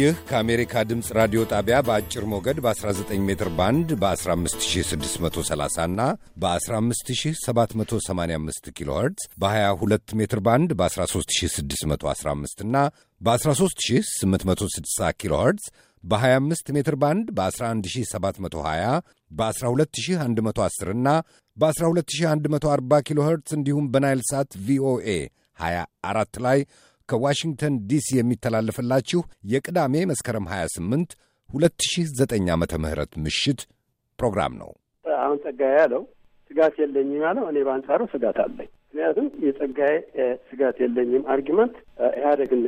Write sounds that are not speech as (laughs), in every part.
ይህ ከአሜሪካ ድምፅ ራዲዮ ጣቢያ በአጭር ሞገድ በ19 ሜትር ባንድ በ15630 እና በ15785 ኪሎ ኸርትዝ በ22 ሜትር ባንድ በ13615 እና በ13860 ኪሎ ኸርትዝ በ25 ሜትር ባንድ በ11720 በ12110 እና በ12140 ኪሎ ኸርትዝ እንዲሁም በናይል ሳት ቪኦኤ 24 ላይ ከዋሽንግተን ዲሲ የሚተላለፍላችሁ የቅዳሜ መስከረም 28 2009 ዓመተ ምህረት ምሽት ፕሮግራም ነው። አሁን ጸጋዬ ያለው ስጋት የለኝም ያለው እኔ በአንጻሩ ስጋት አለኝ። ምክንያቱም የጸጋዬ ስጋት የለኝም አርጊመንት ኢህአደግን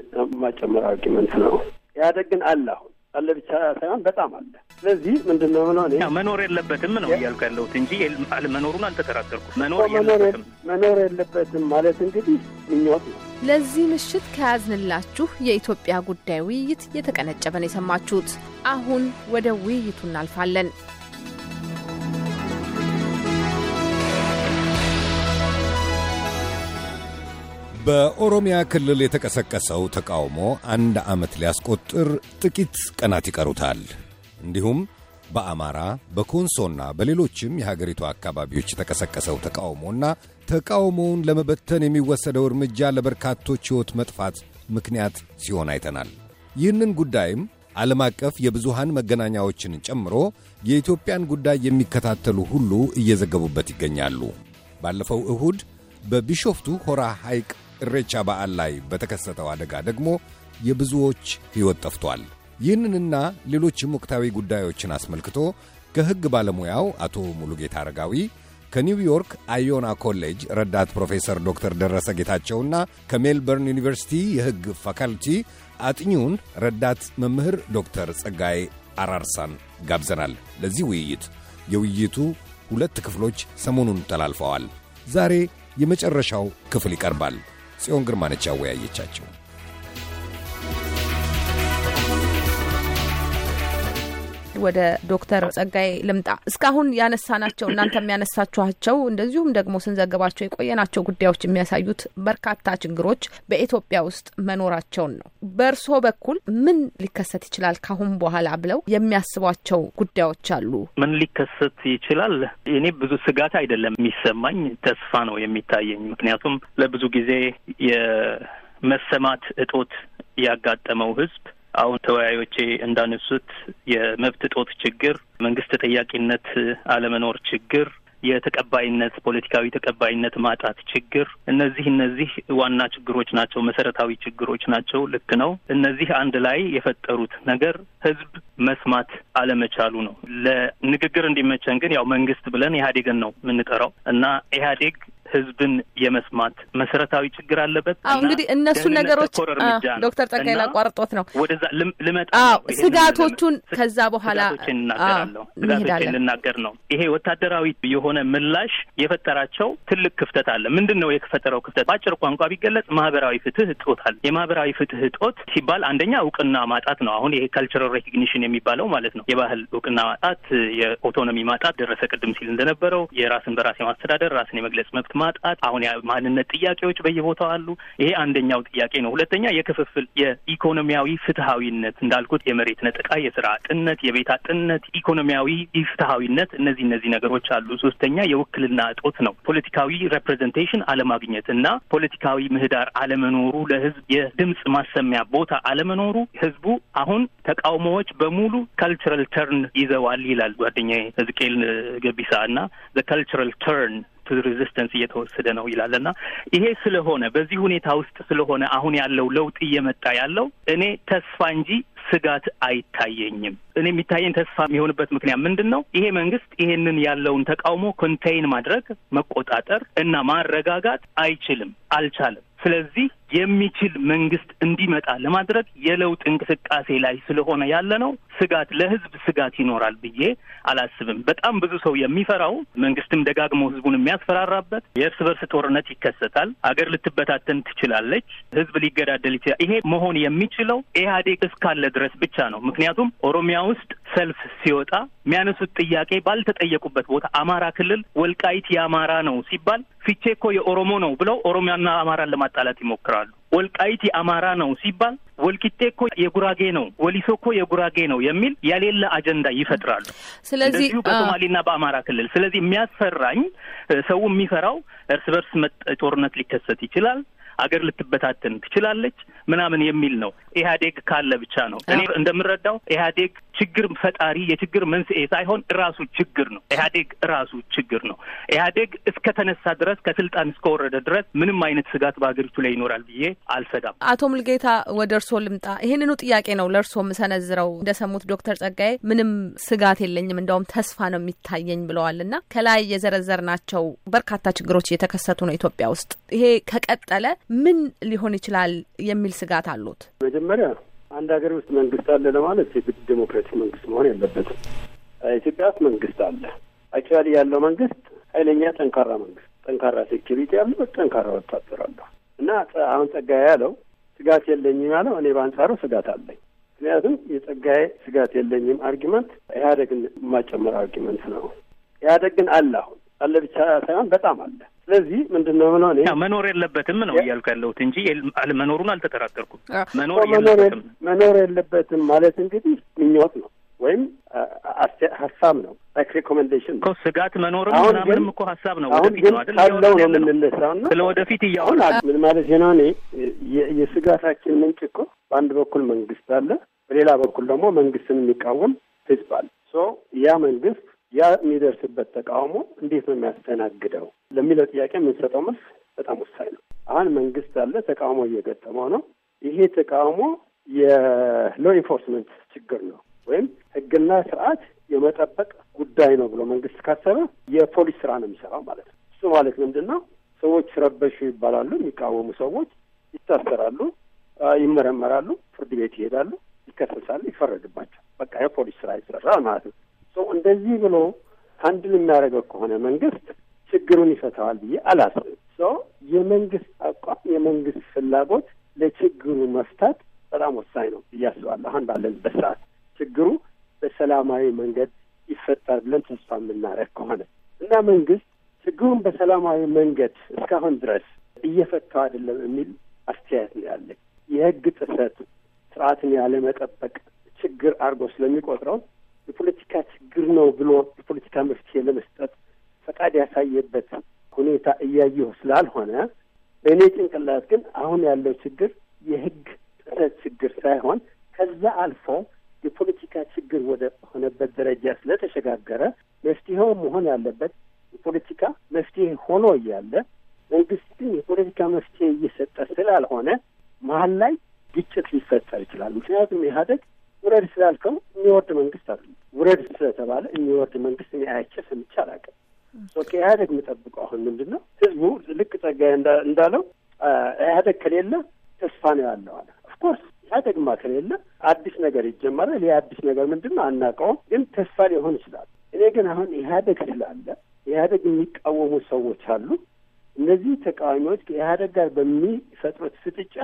ማጨመር አርጊመንት ነው። ኢህአዴግ ግን አለ አሁን አለ ብቻ ሳይሆን በጣም አለ። ስለዚህ ምንድን ነው እኔ መኖር የለበትም ነው እያልኩ ያለሁት እንጂ መኖሩን አልተጠራጠርኩም። መኖር መኖር የለበትም ማለት እንግዲህ ምኞት ነው። ለዚህ ምሽት ከያዝንላችሁ የኢትዮጵያ ጉዳይ ውይይት የተቀነጨበን የሰማችሁት። አሁን ወደ ውይይቱ እናልፋለን። በኦሮሚያ ክልል የተቀሰቀሰው ተቃውሞ አንድ ዓመት ሊያስቆጥር ጥቂት ቀናት ይቀሩታል። እንዲሁም በአማራ በኮንሶና በሌሎችም የሀገሪቱ አካባቢዎች የተቀሰቀሰው ተቃውሞና ተቃውሞውን ለመበተን የሚወሰደው እርምጃ ለበርካቶች ሕይወት መጥፋት ምክንያት ሲሆን አይተናል። ይህንን ጉዳይም ዓለም አቀፍ የብዙሃን መገናኛዎችን ጨምሮ የኢትዮጵያን ጉዳይ የሚከታተሉ ሁሉ እየዘገቡበት ይገኛሉ። ባለፈው እሁድ በቢሾፍቱ ሆራ ሐይቅ እሬቻ በዓል ላይ በተከሰተው አደጋ ደግሞ የብዙዎች ሕይወት ጠፍቷል። ይህንንና ሌሎችም ወቅታዊ ጉዳዮችን አስመልክቶ ከሕግ ባለሙያው አቶ ሙሉጌታ አረጋዊ ከኒውዮርክ አዮና ኮሌጅ ረዳት ፕሮፌሰር ዶክተር ደረሰ ጌታቸውና ከሜልበርን ዩኒቨርሲቲ የሕግ ፋካልቲ አጥኚውን ረዳት መምህር ዶክተር ጸጋይ አራርሳን ጋብዘናል። ለዚህ ውይይት የውይይቱ ሁለት ክፍሎች ሰሞኑን ተላልፈዋል። ዛሬ የመጨረሻው ክፍል ይቀርባል። ጽዮን ግርማ ነች ያወያየቻቸው። ወደ ዶክተር ጸጋይ ልምጣ። እስካሁን ያነሳናቸው እናንተ የሚያነሳችኋቸው እንደዚሁም ደግሞ ስንዘገባቸው የቆየናቸው ጉዳዮች የሚያሳዩት በርካታ ችግሮች በኢትዮጵያ ውስጥ መኖራቸውን ነው። በእርስዎ በኩል ምን ሊከሰት ይችላል ካሁን በኋላ ብለው የሚያስቧቸው ጉዳዮች አሉ? ምን ሊከሰት ይችላል? እኔ ብዙ ስጋት አይደለም የሚሰማኝ፣ ተስፋ ነው የሚታየኝ። ምክንያቱም ለብዙ ጊዜ የመሰማት እጦት ያጋጠመው ህዝብ አሁን ተወያዮቼ እንዳነሱት የመብት ጦት ችግር፣ መንግስት ተጠያቂነት አለመኖር ችግር፣ የተቀባይነት ፖለቲካዊ ተቀባይነት ማጣት ችግር፣ እነዚህ እነዚህ ዋና ችግሮች ናቸው፣ መሰረታዊ ችግሮች ናቸው። ልክ ነው። እነዚህ አንድ ላይ የፈጠሩት ነገር ህዝብ መስማት አለመቻሉ ነው። ለንግግር እንዲመቸን ግን ያው መንግስት ብለን ኢህአዴግን ነው የምንጠራው እና ኢህአዴግ ህዝብን የመስማት መሰረታዊ ችግር አለበት። አዎ እንግዲህ እነሱን ነገሮች ዶክተር ጸጋይ ላቋርጦት ነው ወደዛ ልመጣ ስጋቶቹን ከዛ በኋላ ስጋቶችን ልናገር ነው። ይሄ ወታደራዊ የሆነ ምላሽ የፈጠራቸው ትልቅ ክፍተት አለ። ምንድን ነው የፈጠረው ክፍተት? በአጭር ቋንቋ ቢገለጽ ማህበራዊ ፍትህ እጦት አለ። የማህበራዊ ፍትህ እጦት ሲባል አንደኛ እውቅና ማጣት ነው። አሁን ይሄ ካልቸራል ሬኮግኒሽን የሚባለው ማለት ነው። የባህል እውቅና ማጣት፣ የኦቶኖሚ ማጣት ደረሰ ቅድም ሲል እንደነበረው የራስን በራስ የማስተዳደር ራስን የመግለጽ መብት ማጣት፣ አሁን የማንነት ጥያቄዎች በየቦታው አሉ። ይሄ አንደኛው ጥያቄ ነው። ሁለተኛ የክፍፍል የኢኮኖሚያዊ ፍትሐዊነት እንዳልኩት የመሬት ነጠቃ፣ የስራ አጥነት፣ የቤት አጥነት፣ ኢኮኖሚያዊ ፍትሐዊነት፣ እነዚህ እነዚህ ነገሮች አሉ። ሶስተኛ የውክልና እጦት ነው። ፖለቲካዊ ሬፕሬዘንቴሽን አለማግኘት እና ፖለቲካዊ ምህዳር አለመኖሩ፣ ለህዝብ የድምጽ ማሰሚያ ቦታ አለመኖሩ ህዝቡ አሁን ተቃውሞዎች በሙሉ ካልቸራል ተርን ይዘዋል ይላል ጓደኛ ዝቅኤል ገቢሳ እና ዘ ካልቸራል ተርን ሬዚስተንስ እየተወሰደ ነው ይላል እና ይሄ ስለሆነ በዚህ ሁኔታ ውስጥ ስለሆነ አሁን ያለው ለውጥ እየመጣ ያለው እኔ ተስፋ እንጂ ስጋት አይታየኝም። እኔ የሚታየኝ ተስፋ የሚሆንበት ምክንያት ምንድን ነው? ይሄ መንግስት ይሄንን ያለውን ተቃውሞ ኮንቴይን ማድረግ መቆጣጠር እና ማረጋጋት አይችልም፣ አልቻለም። ስለዚህ የሚችል መንግስት እንዲመጣ ለማድረግ የለውጥ እንቅስቃሴ ላይ ስለሆነ ያለ ነው። ስጋት ለህዝብ ስጋት ይኖራል ብዬ አላስብም። በጣም ብዙ ሰው የሚፈራው መንግስትም ደጋግሞ ህዝቡን የሚያስፈራራበት የእርስ በርስ ጦርነት ይከሰታል፣ አገር ልትበታተን ትችላለች፣ ህዝብ ሊገዳደል ይችላል። ይሄ መሆን የሚችለው ኢህአዴግ እስካለ ድረስ ብቻ ነው። ምክንያቱም ኦሮሚያ ውስጥ ሰልፍ ሲወጣ የሚያነሱት ጥያቄ ባልተጠየቁበት ቦታ አማራ ክልል ወልቃይት የአማራ ነው ሲባል ፊቼ እኮ የኦሮሞ ነው ብለው ኦሮሚያና አማራን ለማጣላት ይሞክራሉ። ወልቃይት የአማራ ነው ሲባል ወልቂጤ እኮ የጉራጌ ነው፣ ወሊሶ እኮ የጉራጌ ነው የሚል የሌለ አጀንዳ ይፈጥራሉ። ስለዚህ በሶማሌና በአማራ ክልል ስለዚህ የሚያስፈራኝ ሰው የሚፈራው እርስ በርስ ጦርነት ሊከሰት ይችላል አገር ልትበታተን ትችላለች ምናምን የሚል ነው። ኢህአዴግ ካለ ብቻ ነው። እኔ እንደምረዳው ኢህአዴግ ችግር ፈጣሪ የችግር መንስኤ ሳይሆን እራሱ ችግር ነው። ኢህአዴግ እራሱ ችግር ነው። ኢህአዴግ እስከተነሳ ድረስ ከስልጣን እስከወረደ ድረስ ምንም አይነት ስጋት በሀገሪቱ ላይ ይኖራል ብዬ አልሰጋም። አቶ ሙልጌታ ወደ እርስዎ ልምጣ። ይህንኑ ጥያቄ ነው ለእርስዎ የምሰነዝረው። እንደሰሙት ዶክተር ጸጋዬ ምንም ስጋት የለኝም እንደውም ተስፋ ነው የሚታየኝ ብለዋል እና ከላይ የዘረዘርናቸው በርካታ ችግሮች እየተከሰቱ ነው ኢትዮጵያ ውስጥ ይሄ ከቀጠለ ምን ሊሆን ይችላል የሚል ስጋት አሉት። መጀመሪያ አንድ ሀገር ውስጥ መንግስት አለ ለማለት የግድ ዴሞክራቲክ መንግስት መሆን የለበትም። ኢትዮጵያ ውስጥ መንግስት አለ። አክቹዋሊ ያለው መንግስት ኃይለኛ ጠንካራ መንግስት፣ ጠንካራ ሴኪሪቲ ያለው፣ ጠንካራ ወታደር አለው እና አሁን ጸጋዬ ያለው ስጋት የለኝም ያለው እኔ በአንጻሩ ስጋት አለኝ። ምክንያቱም የጸጋዬ ስጋት የለኝም አርጊመንት ኢህአደግን የማጨመር አርጊመንት ነው። ኢህአደግ ግን አለ አሁን አለ ብቻ ሳይሆን በጣም አለ። ስለዚህ ምንድን ነው ምን ሆነ መኖር የለበትም ነው እያልኩ ያለሁት እንጂ መኖሩን አልተጠራጠርኩም። መኖር የለበትም መኖር የለበትም ማለት እንግዲህ ምኞት ነው ወይም ሀሳብ ነው ላይክ ሪኮሜንዴሽን ነው። ስጋት መኖርም ምናምንም እኮ ሀሳብ ነው። ወደፊት ነው አይደል ካለው ነው የምንነሳው እና ስለ ወደፊት እያሁን ምን ማለት ነው እኔ የስጋታችን ምንጭ እኮ በአንድ በኩል መንግስት አለ፣ በሌላ በኩል ደግሞ መንግስትን የሚቃወም ህዝብ አለ። ሶ ያ መንግስት ያ የሚደርስበት ተቃውሞ እንዴት ነው የሚያስተናግደው ለሚለው ጥያቄ የምንሰጠው መልስ በጣም ወሳኝ ነው። አሁን መንግስት አለ፣ ተቃውሞ እየገጠመው ነው። ይሄ ተቃውሞ የሎ ኢንፎርስመንት ችግር ነው ወይም ህግና ስርዓት የመጠበቅ ጉዳይ ነው ብሎ መንግስት ካሰበ የፖሊስ ስራ ነው የሚሰራው ማለት ነው። እሱ ማለት ምንድን ነው? ሰዎች ረበሹ ይባላሉ። የሚቃወሙ ሰዎች ይታሰራሉ፣ ይመረመራሉ፣ ፍርድ ቤት ይሄዳሉ፣ ይከሰሳሉ፣ ይፈረድባቸው። በቃ የፖሊስ ስራ ይሰራል ማለት ነው። እንደዚህ ብሎ ሀንድል የሚያደርገው ከሆነ መንግስት ችግሩን ይፈታዋል ብዬ አላስብም። ሰው የመንግስት አቋም የመንግስት ፍላጎት ለችግሩ መፍታት በጣም ወሳኝ ነው ብዬ አስባለሁ። አሁን ባለንበት ሰዓት ችግሩ በሰላማዊ መንገድ ይፈታል ብለን ተስፋ የምናደርግ ከሆነ እና መንግስት ችግሩን በሰላማዊ መንገድ እስካሁን ድረስ እየፈታው አይደለም የሚል አስተያየት ነው ያለኝ። የህግ ጥሰት ስርዓትን ያለመጠበቅ ችግር አድርጎ ስለሚቆጥረው የፖለቲካ ችግር ነው ብሎ የፖለቲካ መፍትሄ ለመስጠት ፈቃድ ያሳየበት ሁኔታ እያየሁ ስላልሆነ በእኔ ጭንቅላት ግን አሁን ያለው ችግር የህግ ጥሰት ችግር ሳይሆን ከዛ አልፎ የፖለቲካ ችግር ወደ ሆነበት ደረጃ ስለተሸጋገረ መፍትሄው መሆን ያለበት የፖለቲካ መፍትሄ ሆኖ እያለ መንግስት ግን የፖለቲካ መፍትሄ እየሰጠ ስላልሆነ መሀል ላይ ግጭት ሊፈጠር ይችላል። ምክንያቱም ኢህአዴግ ውረድ ስላልከው የሚወርድ መንግስት አሉ። ውረድ ስለተባለ የሚወርድ መንግስት እኔ አይቼ ሰምቼ አላውቅም። ኦኬ ኢህአዴግ የምጠብቀው አሁን ምንድን ነው ህዝቡ ልክ ጸጋዬ እንዳለው ኢህአደግ ከሌለ ተስፋ ነው ያለው አለ። ኦፍኮርስ ኢህአዴግማ ከሌለ አዲስ ነገር ይጀመራል። ይህ አዲስ ነገር ምንድን ነው አናውቀውም፣ ግን ተስፋ ሊሆን ይችላል። እኔ ግን አሁን ኢህአደግ ስላለ ኢህአደግ የሚቃወሙ ሰዎች አሉ። እነዚህ ተቃዋሚዎች ከኢህአደግ ጋር በሚፈጥሩት ፍጥጫ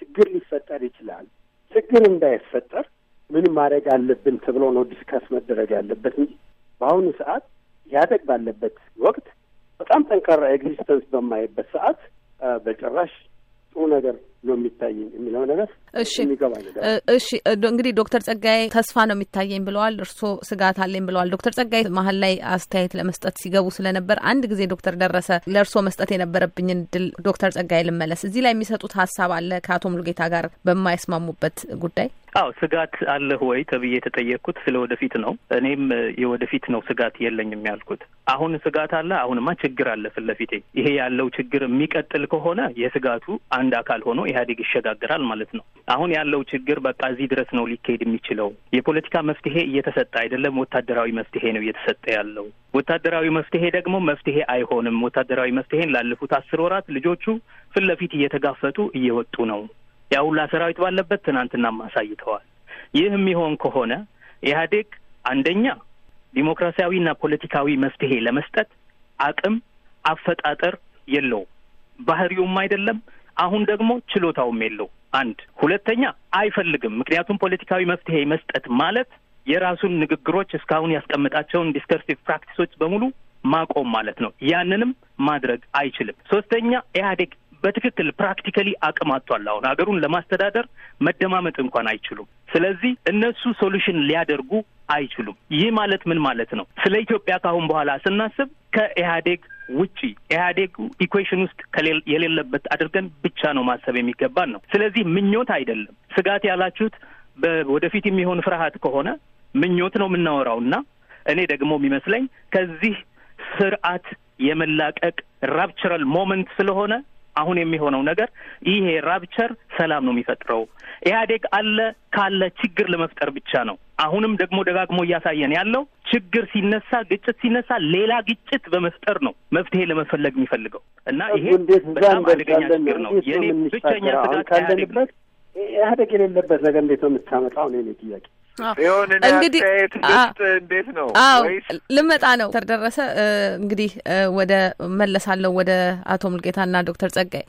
ችግር ሊፈጠር ይችላል። ችግር እንዳይፈጠር ምን ማድረግ አለብን ተብሎ ነው ዲስከስ መደረግ ያለበት እንጂ በአሁኑ ሰዓት ያደግ ባለበት ወቅት በጣም ጠንካራ ኤግዚስተንስ በማይበት ሰዓት በጭራሽ ጥሩ ነገር ነው የሚታየኝ የሚለው ነገር እሺ እሺ እንግዲህ ዶክተር ጸጋዬ ተስፋ ነው የሚታየኝ ብለዋል። እርስዎ ስጋት አለኝ ብለዋል። ዶክተር ጸጋዬ መሀል ላይ አስተያየት ለመስጠት ሲገቡ ስለነበር አንድ ጊዜ ዶክተር ደረሰ ለእርስዎ መስጠት የነበረብኝን ድል ዶክተር ጸጋዬ ልመለስ። እዚህ ላይ የሚሰጡት ሀሳብ አለ ከአቶ ሙሉጌታ ጋር በማይስማሙበት ጉዳይ? አዎ ስጋት አለህ ወይ ተብዬ የተጠየቅኩት ስለ ወደፊት ነው። እኔም የወደፊት ነው ስጋት የለኝም ያልኩት። አሁን ስጋት አለ፣ አሁንማ ችግር አለ ፊት ለፊቴ። ይሄ ያለው ችግር የሚቀጥል ከሆነ የስጋቱ አንድ አካል ሆኖ ኢህአዴግ ይሸጋግራል ማለት ነው። አሁን ያለው ችግር በቃ እዚህ ድረስ ነው ሊካሄድ የሚችለው። የፖለቲካ መፍትሄ እየተሰጠ አይደለም፣ ወታደራዊ መፍትሄ ነው እየተሰጠ ያለው። ወታደራዊ መፍትሄ ደግሞ መፍትሄ አይሆንም። ወታደራዊ መፍትሄን ላለፉት አስር ወራት ልጆቹ ፊት ለፊት እየተጋፈጡ እየወጡ ነው። ያ ሁላ ሰራዊት ባለበት ትናንትናም አሳይተዋል። ይህ የሚሆን ከሆነ ኢህአዴግ አንደኛ ዲሞክራሲያዊና ፖለቲካዊ መፍትሄ ለመስጠት አቅም አፈጣጠር የለውም፣ ባህሪውም አይደለም አሁን ደግሞ ችሎታውም የለው። አንድ ሁለተኛ አይፈልግም። ምክንያቱም ፖለቲካዊ መፍትሄ መስጠት ማለት የራሱን ንግግሮች እስካሁን ያስቀምጣቸውን ዲስከርሲቭ ፕራክቲሶች በሙሉ ማቆም ማለት ነው። ያንንም ማድረግ አይችልም። ሶስተኛ ኢህአዴግ በትክክል ፕራክቲካሊ አቅም አጥቷል። አሁን ሀገሩን ለማስተዳደር መደማመጥ እንኳን አይችሉም። ስለዚህ እነሱ ሶሉሽን ሊያደርጉ አይችሉም። ይህ ማለት ምን ማለት ነው? ስለ ኢትዮጵያ ካሁን በኋላ ስናስብ ከኢህአዴግ ውጪ ኢህአዴግ ኢኩዌሽን ውስጥ የሌለበት አድርገን ብቻ ነው ማሰብ የሚገባን ነው። ስለዚህ ምኞት አይደለም። ስጋት ያላችሁት ወደፊት የሚሆን ፍርሃት ከሆነ ምኞት ነው የምናወራው እና እኔ ደግሞ የሚመስለኝ ከዚህ ስርዓት የመላቀቅ ራፕቸራል ሞመንት ስለሆነ አሁን የሚሆነው ነገር ይሄ ራፕቸር ሰላም ነው የሚፈጥረው። ኢህአዴግ አለ ካለ ችግር ለመፍጠር ብቻ ነው። አሁንም ደግሞ ደጋግሞ እያሳየን ያለው ችግር ሲነሳ፣ ግጭት ሲነሳ ሌላ ግጭት በመፍጠር ነው መፍትሄ ለመፈለግ የሚፈልገው እና ይሄ በጣም አደገኛ ችግር ነው። የኔ ብቸኛ ስጋት ኢህአዴግ የሌለበት ነገር እንዴት ነው የምታመጣው ነው የኔ ጥያቄ። እንግዲህ እንዴት ነው? ልመጣ ነው ተደረሰ። እንግዲህ ወደ መለሳለሁ ወደ አቶ ሙልጌታና ዶክተር ጸጋዬ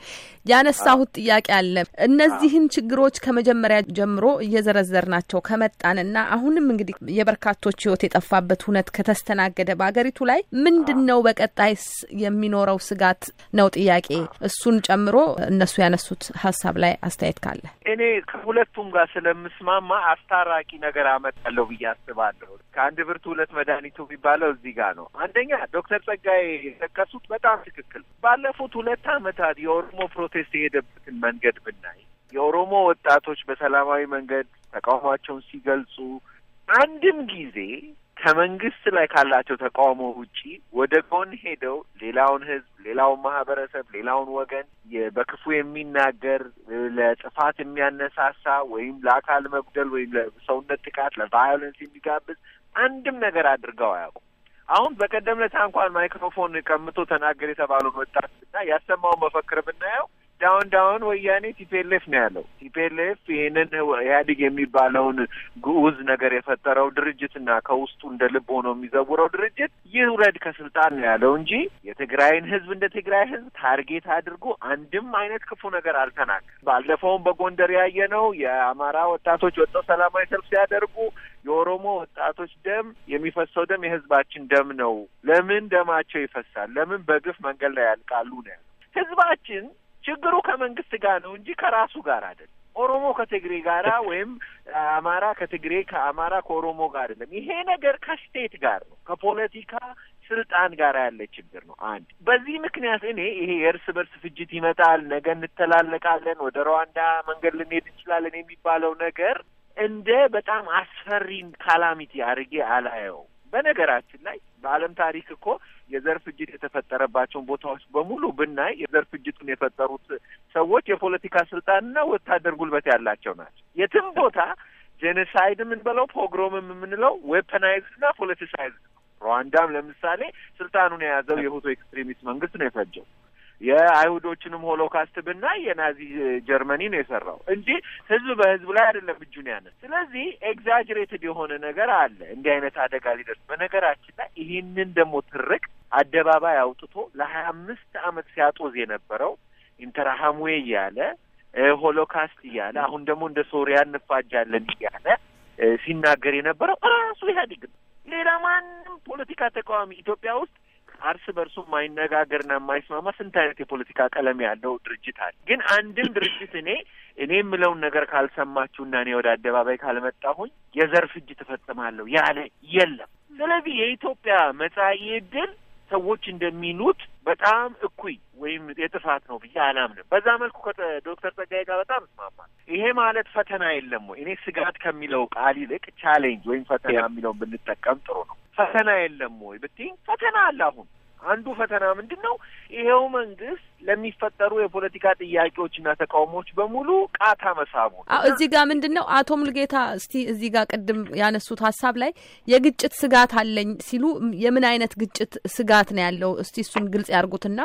ያነሳሁት ጥያቄ አለ። እነዚህን ችግሮች ከመጀመሪያ ጀምሮ እየዘረዘር ናቸው ከመጣንና አሁንም እንግዲህ የበርካቶች ህይወት የጠፋበት ሁነት ከተስተናገደ በሀገሪቱ ላይ ምንድን ነው በቀጣይስ የሚኖረው ስጋት ነው ጥያቄ። እሱን ጨምሮ እነሱ ያነሱት ሀሳብ ላይ አስተያየት ካለ እኔ ከሁለቱም ጋር ስለምስማማ አስታራቂ ነገር ነገር አመጣለሁ ብዬ አስባለሁ። ከአንድ ብርቱ ሁለት መድኃኒቱ የሚባለው እዚህ ጋር ነው። አንደኛ ዶክተር ጸጋዬ የጠቀሱት በጣም ትክክል። ባለፉት ሁለት ዓመታት የኦሮሞ ፕሮቴስት የሄደበትን መንገድ ብናይ የኦሮሞ ወጣቶች በሰላማዊ መንገድ ተቃውሟቸውን ሲገልጹ አንድም ጊዜ ከመንግስት ላይ ካላቸው ተቃውሞ ውጪ ወደ ጎን ሄደው ሌላውን ህዝብ፣ ሌላውን ማህበረሰብ፣ ሌላውን ወገን በክፉ የሚናገር ለጥፋት የሚያነሳሳ ወይም ለአካል መጉደል ወይም ለሰውነት ጥቃት ለቫዮለንስ የሚጋብዝ አንድም ነገር አድርገው አያውቁም። አሁን በቀደም ለታ እንኳን ማይክሮፎን ቀምቶ ተናገር የተባለውን ወጣት እና ያሰማውን መፈክር ብናየው ዳውን ዳውን ወያኔ ቲፒኤልኤፍ ነው ያለው። ቲፒኤልኤፍ ይህንን ኢህአዴግ የሚባለውን ግዑዝ ነገር የፈጠረው ድርጅትና ከውስጡ እንደ ልብ ሆኖ የሚዘውረው ድርጅት ይውረድ ከስልጣን ነው ያለው እንጂ የትግራይን ህዝብ እንደ ትግራይ ህዝብ ታርጌት አድርጎ አንድም አይነት ክፉ ነገር አልተናገርም። ባለፈውም በጎንደር ያየ ነው የአማራ ወጣቶች ወጥተው ሰላማዊ ሰልፍ ሲያደርጉ የኦሮሞ ወጣቶች ደም የሚፈሰው ደም የህዝባችን ደም ነው። ለምን ደማቸው ይፈሳል? ለምን በግፍ መንገድ ላይ ያልቃሉ? ነው ህዝባችን ችግሩ ከመንግስት ጋር ነው እንጂ ከራሱ ጋር አይደለም። ኦሮሞ ከትግሬ ጋራ ወይም አማራ ከትግሬ ከአማራ ከኦሮሞ ጋር አይደለም። ይሄ ነገር ከስቴት ጋር ነው፣ ከፖለቲካ ስልጣን ጋር ያለ ችግር ነው። አንድ በዚህ ምክንያት እኔ ይሄ የእርስ በርስ ፍጅት ይመጣል፣ ነገ እንተላለቃለን፣ ወደ ሩዋንዳ መንገድ ልንሄድ እንችላለን የሚባለው ነገር እንደ በጣም አስፈሪ ካላሚቲ አድርጌ አላየው። በነገራችን ላይ በዓለም ታሪክ እኮ የዘር ፍጅት የተፈጠረባቸውን ቦታዎች በሙሉ ብናይ የዘር ፍጅቱን የፈጠሩት ሰዎች የፖለቲካ ስልጣንና ወታደር ጉልበት ያላቸው ናቸው። የትም ቦታ ጄኔሳይድ የምንበለው ፖግሮምም የምንለው ዌፐናይዝድና ፖለቲሳይዝ ነው። ሩዋንዳም ለምሳሌ ስልጣኑን የያዘው የሁቶ ኤክስትሪሚስት መንግስት ነው የፈጀው። የአይሁዶችንም ሆሎካስት ብናይ የናዚ ጀርመኒ ነው የሰራው እንጂ ህዝብ በህዝብ ላይ አይደለም እጁን ያነ። ስለዚህ ኤግዛጅሬትድ የሆነ ነገር አለ እንዲህ አይነት አደጋ ሊደርስ። በነገራችን ላይ ይህንን ደግሞ ትርቅ አደባባይ አውጥቶ ለሀያ አምስት አመት ሲያጦዝ የነበረው ኢንተራሃምዌ እያለ ሆሎካስት እያለ አሁን ደግሞ እንደ ሶሪያ እንፋጃለን እያለ ሲናገር የነበረው ራሱ ኢህአዴግ ነው። ሌላ ማንም ፖለቲካ ተቃዋሚ ኢትዮጵያ ውስጥ አርስ በርሱ የማይነጋገርና የማይስማማ ስንት አይነት የፖለቲካ ቀለም ያለው ድርጅት አለ። ግን አንድም ድርጅት እኔ እኔ የምለውን ነገር ካልሰማችሁና እኔ ወደ አደባባይ ካልመጣሁኝ የዘርፍ እጅ ትፈጽማለሁ ያለ የለም። ስለዚህ የኢትዮጵያ መጻኢ ዕድል ሰዎች እንደሚሉት በጣም እኩይ ወይም የጥፋት ነው ብዬ አላምንም። በዛ መልኩ ከዶክተር ጸጋዬ ጋር በጣም እስማማለሁ። ይሄ ማለት ፈተና የለም ወይ? እኔ ስጋት ከሚለው ቃል ይልቅ ቻሌንጅ ወይም ፈተና የሚለውን ብንጠቀም ጥሩ ነው። ፈተና የለም ወይ ብትይኝ፣ ፈተና አለ አሁን አንዱ ፈተና ምንድን ነው? ይኸው መንግስት ለሚፈጠሩ የፖለቲካ ጥያቄዎችና ተቃውሞዎች በሙሉ ቃታ መሳቡ ነው። እዚህ ጋር ምንድን ነው አቶ ሙልጌታ እስቲ እዚህ ጋር ቅድም ያነሱት ሀሳብ ላይ የግጭት ስጋት አለኝ ሲሉ የምን አይነት ግጭት ስጋት ነው ያለው? እስቲ እሱን ግልጽ ያርጉትና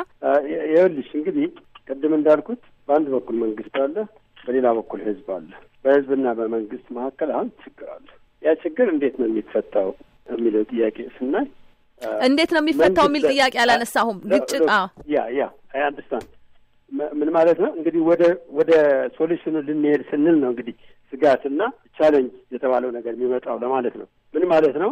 ይኸውልሽ እንግዲህ ቅድም እንዳልኩት በአንድ በኩል መንግስት አለ፣ በሌላ በኩል ህዝብ አለ። በህዝብና በመንግስት መካከል አንድ ችግር አለ። ያ ችግር እንዴት ነው የሚፈታው የሚለው ጥያቄ ስናይ እንዴት ነው የሚፈታው የሚል ጥያቄ አላነሳሁም። ግጭት ያ ያ አንደርስታንድ ምን ማለት ነው እንግዲህ ወደ ወደ ሶሉሽኑ ልንሄድ ስንል ነው እንግዲህ ስጋትና ቻለንጅ የተባለው ነገር የሚመጣው ለማለት ነው። ምን ማለት ነው?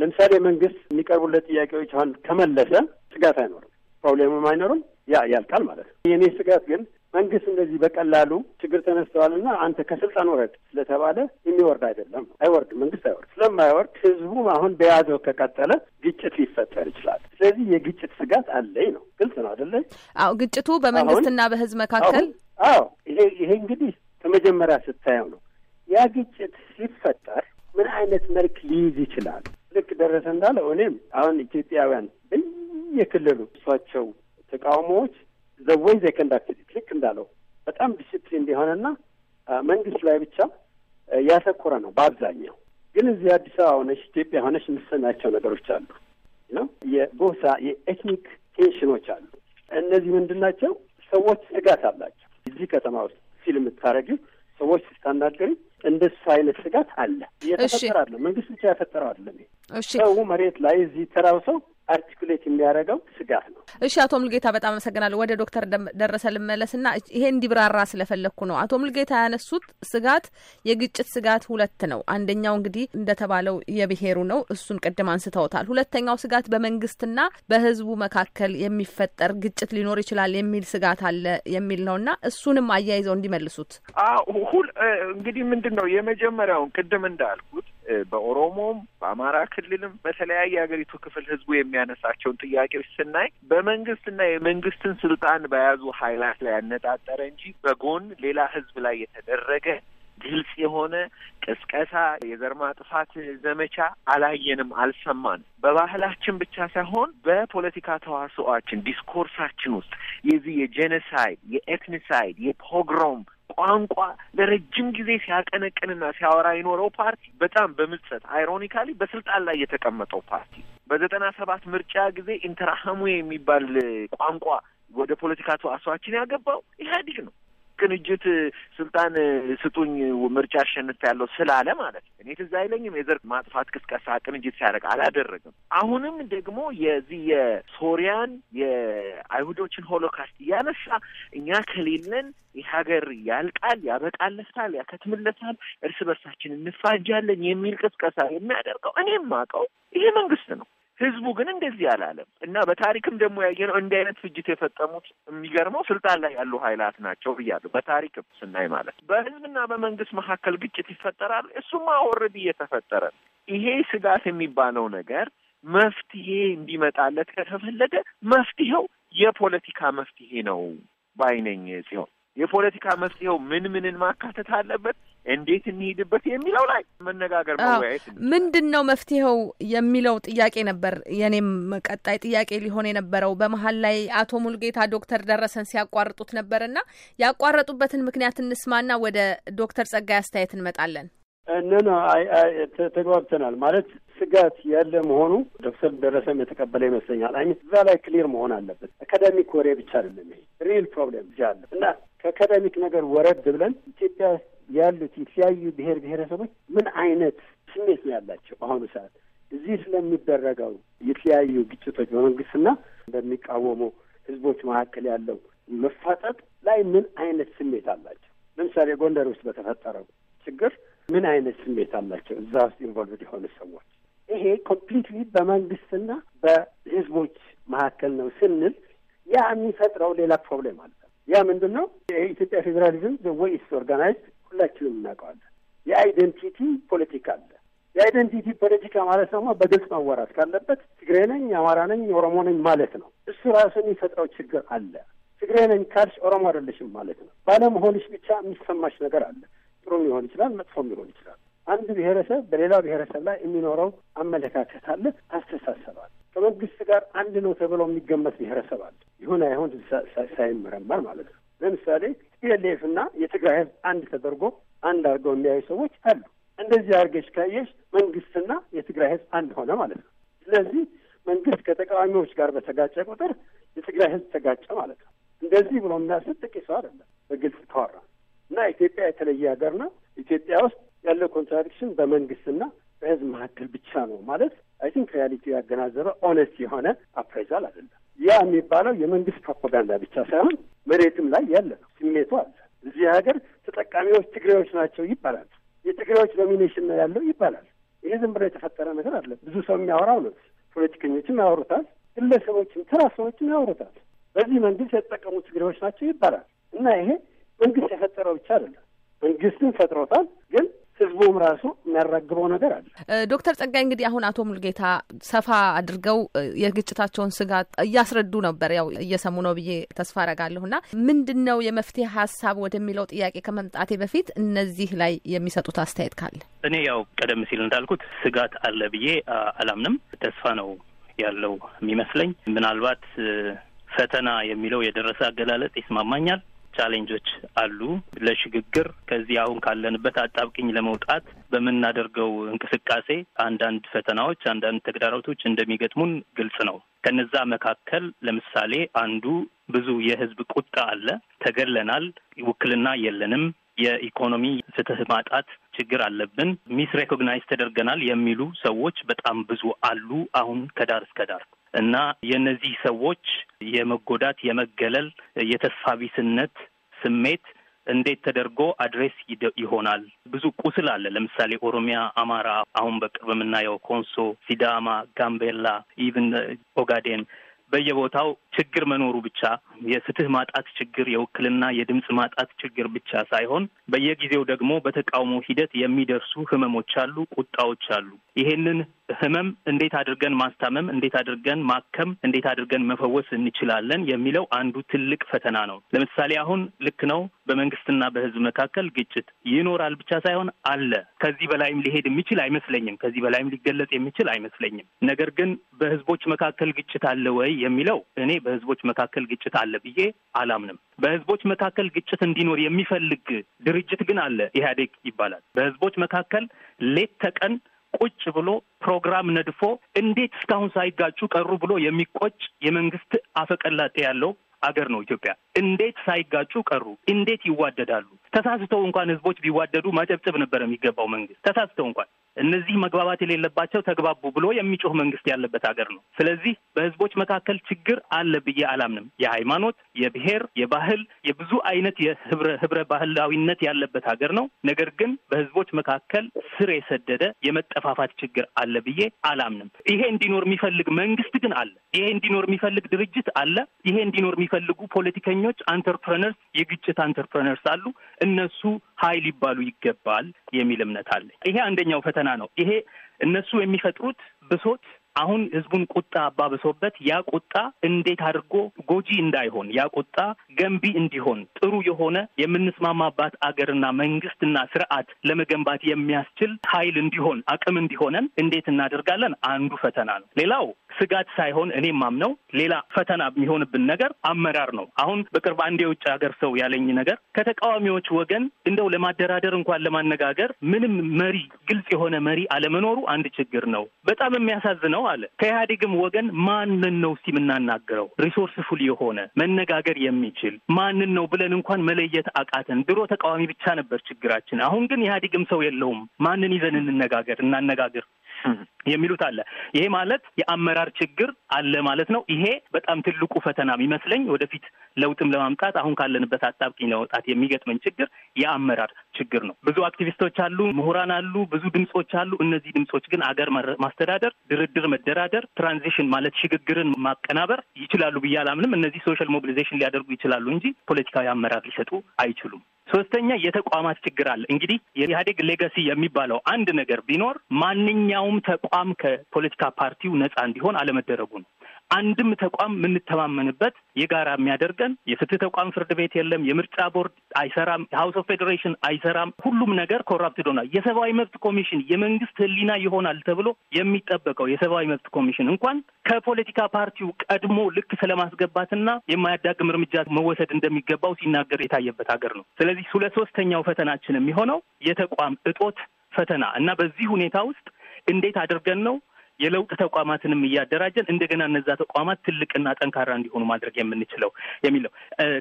ለምሳሌ መንግስት የሚቀርቡለት ጥያቄዎች አሁን ከመለሰ ስጋት አይኖርም፣ ፕሮብሌምም አይኖርም። ያ ያልቃል ማለት ነው። የእኔ ስጋት ግን መንግስት እንደዚህ በቀላሉ ችግር ተነስተዋልና አንተ ከስልጣን ወረድ ስለተባለ የሚወርድ አይደለም። አይወርድ መንግስት አይወርድ። ስለማይወርድ ህዝቡ አሁን በያዘው ከቀጠለ ግጭት ሊፈጠር ይችላል። ስለዚህ የግጭት ስጋት አለኝ ነው። ግልጽ ነው አደለኝ? አዎ፣ ግጭቱ በመንግስትና በህዝብ መካከል። አዎ፣ ይሄ ይሄ እንግዲህ ከመጀመሪያ ስታየው ነው። ያ ግጭት ሲፈጠር ምን አይነት መልክ ሊይዝ ይችላል? ልክ ደረሰ እንዳለው እኔም አሁን ኢትዮጵያውያን በየክልሉ እሷቸው ተቃውሞዎች ዘ ወይ ዘይ ከንዳክት ልክ እንዳለው በጣም ዲስፕሊን የሆነና መንግስት ላይ ብቻ ያተኮረ ነው በአብዛኛው። ግን እዚህ አዲስ አበባ ሆነሽ ኢትዮጵያ ሆነሽ የምትሰሚያቸው ነገሮች አሉ ነው የጎሳ የኤትኒክ ቴንሽኖች አሉ። እነዚህ ምንድን ናቸው? ሰዎች ስጋት አላቸው። እዚህ ከተማ ውስጥ ፊልም የምታደርጊው ሰዎች ስታናገሪ እንደሱ አይነት ስጋት አለ። አለ። መንግስት ብቻ ያፈጠረው አይደለም። ሰው መሬት ላይ እዚህ ተራው ሰው አርቲኩሌት የሚያደርገው ስጋት ነው። እሺ አቶ ሙልጌታ በጣም አመሰግናለሁ። ወደ ዶክተር ደረሰ ና ይሄ እንዲብራራ ስለፈለግኩ ነው። አቶ ሙልጌታ ያነሱት ስጋት የግጭት ስጋት ሁለት ነው። አንደኛው እንግዲህ እንደተባለው የብሔሩ ነው። እሱን ቅድም አንስተውታል። ሁለተኛው ስጋት በመንግስትና በህዝቡ መካከል የሚፈጠር ግጭት ሊኖር ይችላል የሚል ስጋት አለ የሚል ነውና እሱንም አያይዘው እንዲመልሱት። ሁል እንግዲህ ምንድን ነው የመጀመሪያውን ቅድም እንዳልኩት በኦሮሞም በአማራ ክልልም በተለያየ የሀገሪቱ ክፍል ህዝቡ የሚያነሳቸውን ጥያቄዎች ስናይ በመንግስትና የመንግስትን ስልጣን በያዙ ኃይላት ላይ ያነጣጠረ እንጂ በጎን ሌላ ህዝብ ላይ የተደረገ ግልጽ የሆነ ቅስቀሳ፣ የዘር ማጥፋት ዘመቻ አላየንም፣ አልሰማን በባህላችን ብቻ ሳይሆን በፖለቲካ ተዋስኦአችን ዲስኮርሳችን ውስጥ የዚህ የጄኔሳይድ የኤትኒሳይድ የፖግሮም ቋንቋ ለረጅም ጊዜ ሲያቀነቅንና ሲያወራ የኖረው ፓርቲ በጣም በምጸት አይሮኒካሊ በስልጣን ላይ የተቀመጠው ፓርቲ በዘጠና ሰባት ምርጫ ጊዜ ኢንተራሃሙ የሚባል ቋንቋ ወደ ፖለቲካ ተዋስኦአችን ያገባው ኢህአዲግ ነው። ቅንጅት ስልጣን ስጡኝ ምርጫ አሸንፍ ያለው ስላለ ማለት እኔ ትዝ አይለኝም የዘር ማጥፋት ቅስቀሳ ቅንጅት ሲያደርግ አላደረግም። አሁንም ደግሞ የዚህ የሶሪያን የአይሁዶችን ሆሎካስት እያነሳ እኛ ከሌለን ሀገር ያልቃል፣ ያበቃለታል፣ ያከትምለታል፣ እርስ በርሳችን እንፋጃለን የሚል ቅስቀሳ የሚያደርገው እኔም አውቀው ይሄ መንግስት ነው። ህዝቡ ግን እንደዚህ አላለም እና በታሪክም ደግሞ ያየነው እንዲህ አይነት ፍጅት የፈጠሙት የሚገርመው ስልጣን ላይ ያሉ ኃይላት ናቸው ብያለሁ። በታሪክም ስናይ ማለት በህዝብና በመንግስት መካከል ግጭት ይፈጠራል። እሱማ ኦልሬዲ እየተፈጠረ ይሄ ስጋት የሚባለው ነገር መፍትሄ እንዲመጣለት ከተፈለገ መፍትሄው የፖለቲካ መፍትሄ ነው ባይነኝ ሲሆን የፖለቲካ መፍትሄው ምን ምንን ማካተት አለበት፣ እንዴት እንሄድበት የሚለው ላይ መነጋገር መወያየት፣ ምንድን ነው መፍትሄው የሚለው ጥያቄ ነበር የኔም ቀጣይ ጥያቄ ሊሆን የነበረው። በመሀል ላይ አቶ ሙልጌታ ዶክተር ደረሰን ሲያቋርጡት ነበርና ያቋረጡበትን ምክንያት እንስማና ወደ ዶክተር ጸጋይ አስተያየት እንመጣለን። እነና ተግባብተናል ማለት ስጋት ያለ መሆኑ ዶክተር ደረሰም የተቀበለ ይመስለኛል። አይ እዛ ላይ ክሊር መሆን አለበት። አካዳሚክ ወሬ ብቻ አይደለም ይሄ ሪል ፕሮብሌም እዚህ አለ እና ከአካዳሚክ ነገር ወረድ ብለን ኢትዮጵያ ያሉት የተለያዩ ብሔር ብሔረሰቦች ምን አይነት ስሜት ነው ያላቸው በአሁኑ ሰዓት እዚህ ስለሚደረገው የተለያዩ ግጭቶች በመንግስትና በሚቃወሙ ህዝቦች መካከል ያለው መፋጠጥ ላይ ምን አይነት ስሜት አላቸው? ለምሳሌ ጎንደር ውስጥ በተፈጠረው ችግር ምን አይነት ስሜት አላቸው እዛ ውስጥ ኢንቮልቭድ የሆኑ ሰዎች? ይሄ ኮምፕሊትሊ በመንግስትና በህዝቦች መካከል ነው ስንል ያ የሚፈጥረው ሌላ ፕሮብሌም አለ። ያ ምንድን ነው? የኢትዮጵያ ፌዴራሊዝም ወይስ ኢስ ኦርጋናይዝድ ሁላችንም እናውቀዋለን። የአይደንቲቲ ፖለቲካ አለ። የአይደንቲቲ ፖለቲካ ማለት ደግሞ በግልጽ መወራት ካለበት ትግሬ ነኝ፣ አማራ ነኝ፣ ኦሮሞ ነኝ ማለት ነው። እሱ ራሱ የሚፈጥረው ችግር አለ። ትግሬ ነኝ ካልሽ ኦሮሞ አይደለሽም ማለት ነው። ባለመሆንሽ ብቻ የሚሰማሽ ነገር አለ። ጥሩም ሊሆን ይችላል፣ መጥፎም ሊሆን ይችላል። አንድ ብሔረሰብ በሌላ ብሔረሰብ ላይ የሚኖረው አመለካከት አለ፣ አስተሳሰብ አለ። ከመንግስት ጋር አንድ ነው ተብሎ የሚገመት ብሔረሰብ አለ። ይሁን አይሁን ሳይመረመር ማለት ነው። ለምሳሌ ቲፒኤልኤፍ እና የትግራይ ህዝብ አንድ ተደርጎ አንድ አድርገው የሚያዩ ሰዎች አሉ። እንደዚህ አድርገሽ ካየሽ መንግስትና የትግራይ ህዝብ አንድ ሆነ ማለት ነው። ስለዚህ መንግስት ከተቃዋሚዎች ጋር በተጋጨ ቁጥር የትግራይ ህዝብ ተጋጨ ማለት ነው። እንደዚህ ብሎ የሚያስብ ጥቂት ሰው አይደለም። በግልጽ ተዋራ እና ኢትዮጵያ የተለየ ሀገር ነው። ኢትዮጵያ ውስጥ ያለው ኮንትራዲክሽን በመንግስትና በህዝብ መካከል ብቻ ነው ማለት አይ ቲንክ ሪያሊቲ ያገናዘበ ኦነስት የሆነ አፕሬዛል አይደለም። ያ የሚባለው የመንግስት ፕሮፓጋንዳ ብቻ ሳይሆን መሬትም ላይ ያለ ነው፣ ስሜቱ አለ። እዚህ ሀገር ተጠቃሚዎች ትግሬዎች ናቸው ይባላል። የትግሬዎች ዶሚኔሽን ነው ያለው ይባላል። ይሄ ዝም ብሎ የተፈጠረ ነገር አለ። ብዙ ሰው የሚያወራው ነው። ፖለቲከኞችም ያወሩታል፣ ግለሰቦችም ተራ ሰዎችም ያወሩታል። በዚህ መንግስት የተጠቀሙ ትግሬዎች ናቸው ይባላል እና ይሄ መንግስት የፈጠረው ብቻ አይደለም። መንግስትም ፈጥሮታል ግን ህዝቡም ራሱ የሚያራግበው ነገር አለ። ዶክተር ጸጋይ እንግዲህ አሁን አቶ ሙልጌታ ሰፋ አድርገው የግጭታቸውን ስጋት እያስረዱ ነበር። ያው እየሰሙ ነው ብዬ ተስፋ አረጋለሁ። ና ምንድን ነው የመፍትሄ ሀሳብ ወደሚለው ጥያቄ ከመምጣቴ በፊት እነዚህ ላይ የሚሰጡት አስተያየት ካለ። እኔ ያው ቀደም ሲል እንዳልኩት ስጋት አለ ብዬ አላምንም። ተስፋ ነው ያለው የሚመስለኝ። ምናልባት ፈተና የሚለው የደረሰ አገላለጽ ይስማማኛል። ቻሌንጆች አሉ። ለሽግግር ከዚህ አሁን ካለንበት አጣብቅኝ ለመውጣት በምናደርገው እንቅስቃሴ አንዳንድ ፈተናዎች፣ አንዳንድ ተግዳሮቶች እንደሚገጥሙን ግልጽ ነው። ከነዛ መካከል ለምሳሌ አንዱ ብዙ የህዝብ ቁጣ አለ። ተገለናል፣ ውክልና የለንም፣ የኢኮኖሚ ፍትህ ማጣት ችግር አለብን፣ ሚስ ሬኮግናይዝ ተደርገናል የሚሉ ሰዎች በጣም ብዙ አሉ። አሁን ከዳር እስከ ዳር እና የእነዚህ ሰዎች የመጎዳት፣ የመገለል፣ የተስፋ ቢስነት ስሜት እንዴት ተደርጎ አድሬስ ይሆናል? ብዙ ቁስል አለ። ለምሳሌ ኦሮሚያ፣ አማራ፣ አሁን በቅርብ የምናየው ኮንሶ፣ ሲዳማ፣ ጋምቤላ፣ ኢቭን ኦጋዴን በየቦታው ችግር መኖሩ ብቻ የፍትህ ማጣት ችግር፣ የውክልና የድምፅ ማጣት ችግር ብቻ ሳይሆን በየጊዜው ደግሞ በተቃውሞ ሂደት የሚደርሱ ህመሞች አሉ፣ ቁጣዎች አሉ። ይሄንን ህመም እንዴት አድርገን ማስታመም፣ እንዴት አድርገን ማከም፣ እንዴት አድርገን መፈወስ እንችላለን የሚለው አንዱ ትልቅ ፈተና ነው። ለምሳሌ አሁን ልክ ነው፣ በመንግስትና በህዝብ መካከል ግጭት ይኖራል ብቻ ሳይሆን አለ። ከዚህ በላይም ሊሄድ የሚችል አይመስለኝም። ከዚህ በላይም ሊገለጽ የሚችል አይመስለኝም። ነገር ግን በህዝቦች መካከል ግጭት አለ ወይ የሚለው እኔ በህዝቦች መካከል ግጭት አለ ብዬ አላምንም። በህዝቦች መካከል ግጭት እንዲኖር የሚፈልግ ድርጅት ግን አለ፣ ኢህአዴግ ይባላል። በህዝቦች መካከል ሌት ተቀን ቁጭ ብሎ ፕሮግራም ነድፎ እንዴት እስካሁን ሳይጋጩ ቀሩ ብሎ የሚቆጭ የመንግስት አፈቀላጤ ያለው አገር ነው ኢትዮጵያ። እንዴት ሳይጋጩ ቀሩ? እንዴት ይዋደዳሉ? ተሳስተው እንኳን ህዝቦች ቢዋደዱ ማጨብጨብ ነበር የሚገባው መንግስት። ተሳስተው እንኳን እነዚህ መግባባት የሌለባቸው ተግባቡ ብሎ የሚጮህ መንግስት ያለበት ሀገር ነው። ስለዚህ በህዝቦች መካከል ችግር አለ ብዬ አላምንም። የሃይማኖት፣ የብሔር፣ የባህል፣ የብዙ አይነት የህብረ ህብረ ባህላዊነት ያለበት ሀገር ነው። ነገር ግን በህዝቦች መካከል ስር የሰደደ የመጠፋፋት ችግር አለ ብዬ አላምንም። ይሄ እንዲኖር የሚፈልግ መንግስት ግን አለ። ይሄ እንዲኖር የሚፈልግ ድርጅት አለ። ይሄ እንዲኖር የሚፈልጉ ፖለቲከኞች፣ አንተርፕረነርስ፣ የግጭት አንተርፕረነርስ አሉ። እነሱ ሀይ ሊባሉ ይገባል የሚል እምነት አለ። ይሄ አንደኛው ፈተና ነው። ይሄ እነሱ የሚፈጥሩት ብሶት አሁን ህዝቡን ቁጣ አባብሶበት ያ ቁጣ እንዴት አድርጎ ጎጂ እንዳይሆን ያ ቁጣ ገንቢ እንዲሆን ጥሩ የሆነ የምንስማማባት አገርና መንግስትና ስርዓት ለመገንባት የሚያስችል ኃይል እንዲሆን አቅም እንዲሆነን እንዴት እናደርጋለን? አንዱ ፈተና ነው። ሌላው ስጋት ሳይሆን እኔ ማምነው ሌላ ፈተና የሚሆንብን ነገር አመራር ነው። አሁን በቅርብ አንድ የውጭ ሀገር ሰው ያለኝ ነገር ከተቃዋሚዎች ወገን እንደው ለማደራደር እንኳን ለማነጋገር ምንም መሪ፣ ግልጽ የሆነ መሪ አለመኖሩ አንድ ችግር ነው። በጣም የሚያሳዝነው አለ። ከኢህአዴግም ወገን ማንን ነው እስቲ የምናናግረው? ሪሶርስ ፉል የሆነ መነጋገር የሚችል ማንን ነው ብለን እንኳን መለየት አቃተን። ድሮ ተቃዋሚ ብቻ ነበር ችግራችን። አሁን ግን ኢህአዴግም ሰው የለውም። ማንን ይዘን እንነጋገር እናነጋግር (laughs) የሚሉት አለ። ይሄ ማለት የአመራር ችግር አለ ማለት ነው። ይሄ በጣም ትልቁ ፈተና የሚመስለኝ ወደፊት ለውጥም ለማምጣት አሁን ካለንበት አጣብቂኝ ለመውጣት የሚገጥመን ችግር የአመራር ችግር ነው። ብዙ አክቲቪስቶች አሉ፣ ምሁራን አሉ፣ ብዙ ድምጾች አሉ። እነዚህ ድምጾች ግን አገር ማስተዳደር፣ ድርድር፣ መደራደር፣ ትራንዚሽን ማለት ሽግግርን ማቀናበር ይችላሉ ብዬ አላምንም። እነዚህ ሶሻል ሞቢሊዜሽን ሊያደርጉ ይችላሉ እንጂ ፖለቲካዊ አመራር ሊሰጡ አይችሉም። ሶስተኛ የተቋማት ችግር አለ። እንግዲህ የኢህአዴግ ሌጋሲ የሚባለው አንድ ነገር ቢኖር ማንኛውም የትኛውም ተቋም ከፖለቲካ ፓርቲው ነጻ እንዲሆን አለመደረጉ ነው። አንድም ተቋም የምንተማመንበት የጋራ የሚያደርገን የፍትህ ተቋም ፍርድ ቤት የለም። የምርጫ ቦርድ አይሰራም። ሀውስ ኦፍ ፌዴሬሽን አይሰራም። ሁሉም ነገር ኮራፕትድ ሆኗል። የሰብአዊ መብት ኮሚሽን የመንግስት ህሊና ይሆናል ተብሎ የሚጠበቀው የሰብአዊ መብት ኮሚሽን እንኳን ከፖለቲካ ፓርቲው ቀድሞ ልክ ስለማስገባትና የማያዳግም እርምጃ መወሰድ እንደሚገባው ሲናገር የታየበት ሀገር ነው። ስለዚህ ሁለት ሶስተኛው ፈተናችን የሚሆነው የተቋም እጦት ፈተና እና በዚህ ሁኔታ ውስጥ እንዴት አድርገን ነው የለውጥ ተቋማትንም እያደራጀን እንደገና እነዛ ተቋማት ትልቅና ጠንካራ እንዲሆኑ ማድረግ የምንችለው የሚለው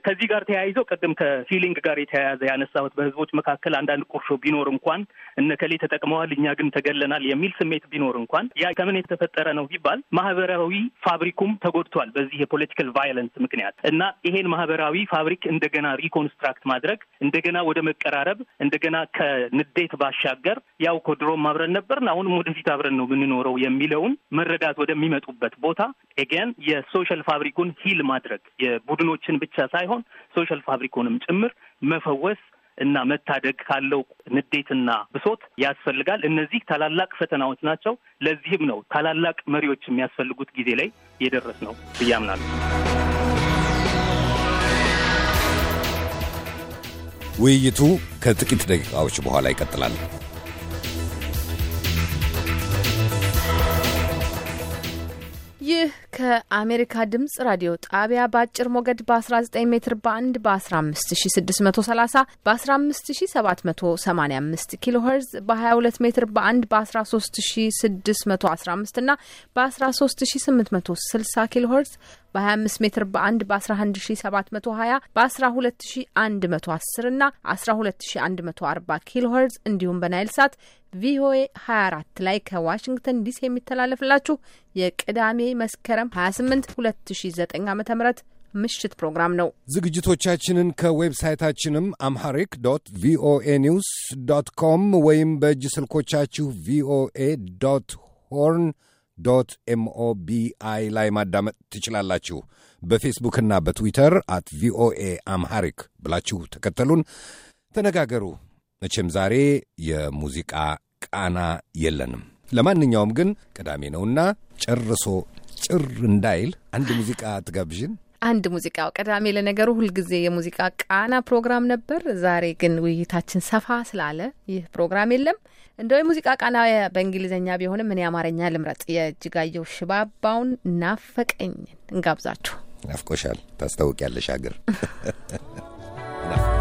ከዚህ ጋር ተያይዘው ቅድም ከፊሊንግ ጋር የተያያዘ ያነሳሁት በህዝቦች መካከል አንዳንድ ቁርሾ ቢኖር እንኳን እነከሌ ተጠቅመዋል እኛ ግን ተገለናል የሚል ስሜት ቢኖር እንኳን ያ ከምን የተፈጠረ ነው ቢባል ማህበራዊ ፋብሪኩም ተጎድቷል በዚህ የፖለቲካል ቫዮለንስ ምክንያት እና ይሄን ማህበራዊ ፋብሪክ እንደገና ሪኮንስትራክት ማድረግ እንደገና ወደ መቀራረብ እንደገና ከንዴት ባሻገር ያው ከድሮም አብረን ነበርን አሁንም ወደፊት አብረን ነው የምንኖረው የሚል የሚለውን መረዳት ወደሚመጡበት ቦታ ኤገን የሶሻል ፋብሪኩን ሂል ማድረግ የቡድኖችን ብቻ ሳይሆን ሶሻል ፋብሪኩንም ጭምር መፈወስ እና መታደግ ካለው ንዴትና ብሶት ያስፈልጋል። እነዚህ ታላላቅ ፈተናዎች ናቸው። ለዚህም ነው ታላላቅ መሪዎች የሚያስፈልጉት ጊዜ ላይ የደረስ ነው ብዬ አምናለሁ። ውይይቱ ከጥቂት ደቂቃዎች በኋላ ይቀጥላል። ይህ ከአሜሪካ ድምጽ ራዲዮ ጣቢያ በአጭር ሞገድ በ19 ሜትር በአንድ በ15630 በ15785 ኪሎ ሄርዝ በ22 ሜትር በአንድ በ13615 እና በ13860 ኪሎ ሄርዝ በ25 ሜትር በአንድ በ11720 በ12110 እና 12140 ኪሎ ሄርዝ እንዲሁም በናይል ሳት ቪኦኤ 24 ላይ ከዋሽንግተን ዲሲ የሚተላለፍላችሁ የቅዳሜ መስከረም 28 2009 ዓ ም ምሽት ፕሮግራም ነው። ዝግጅቶቻችንን ከዌብሳይታችንም አምሐሪክ ዶት ቪኦኤ ኒውስ ዶት ኮም ወይም በእጅ ስልኮቻችሁ ቪኦኤ ዶት ሆርን ዶት ኤምኦቢአይ ላይ ማዳመጥ ትችላላችሁ። በፌስቡክና በትዊተር አት ቪኦኤ አምሃሪክ ብላችሁ ተከተሉን፣ ተነጋገሩ። መቼም ዛሬ የሙዚቃ ቃና የለንም። ለማንኛውም ግን ቅዳሜ ነውና ጨርሶ ጭር እንዳይል አንድ ሙዚቃ ትጋብዥን። አንድ ሙዚቃው ቀዳሜ ለነገሩ ሁልጊዜ የሙዚቃ ቃና ፕሮግራም ነበር። ዛሬ ግን ውይይታችን ሰፋ ስላለ ይህ ፕሮግራም የለም። እንደው የሙዚቃ ቃና በእንግሊዝኛ ቢሆንም እኔ አማርኛ ልምረጥ። የእጅጋየሁ ሽባባውን ናፈቀኝ እንጋብዛችሁ። ናፍቆሻል፣ ታስታውቂያለሽ ሀገር (laughs)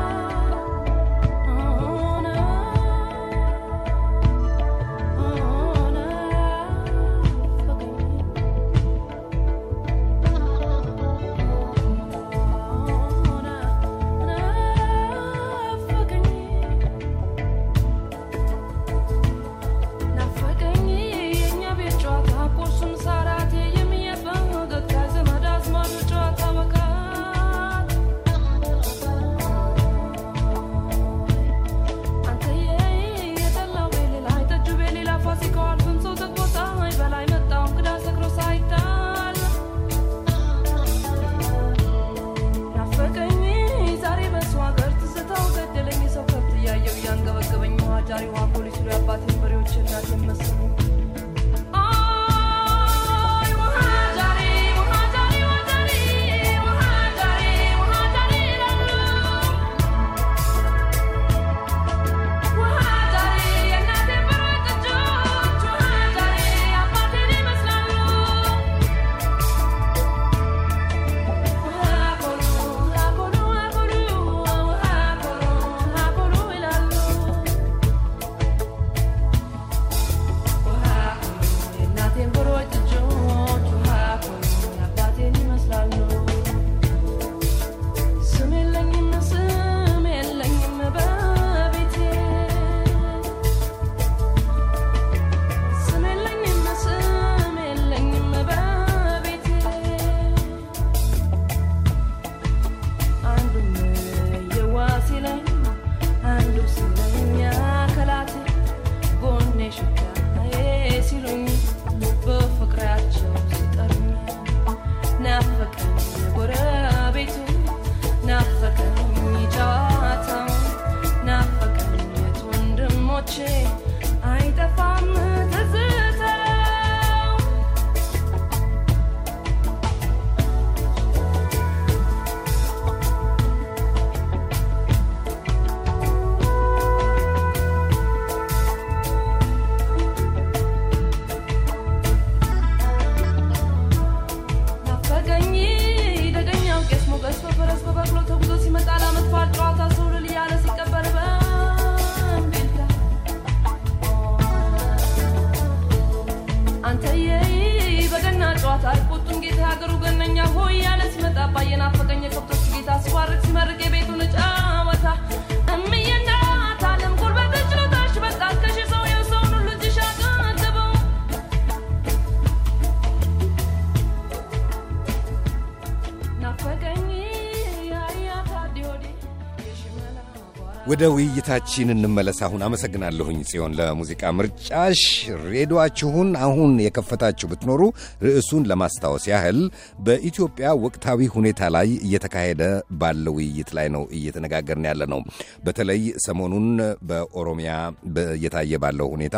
ወደ ውይይታችን እንመለስ። አሁን አመሰግናለሁኝ ጽዮን ለሙዚቃ ምርጫሽ። ሬዲዮችሁን አሁን የከፈታችሁ ብትኖሩ ርዕሱን ለማስታወስ ያህል በኢትዮጵያ ወቅታዊ ሁኔታ ላይ እየተካሄደ ባለ ውይይት ላይ ነው እየተነጋገርን ያለ ነው። በተለይ ሰሞኑን በኦሮሚያ እየታየ ባለው ሁኔታ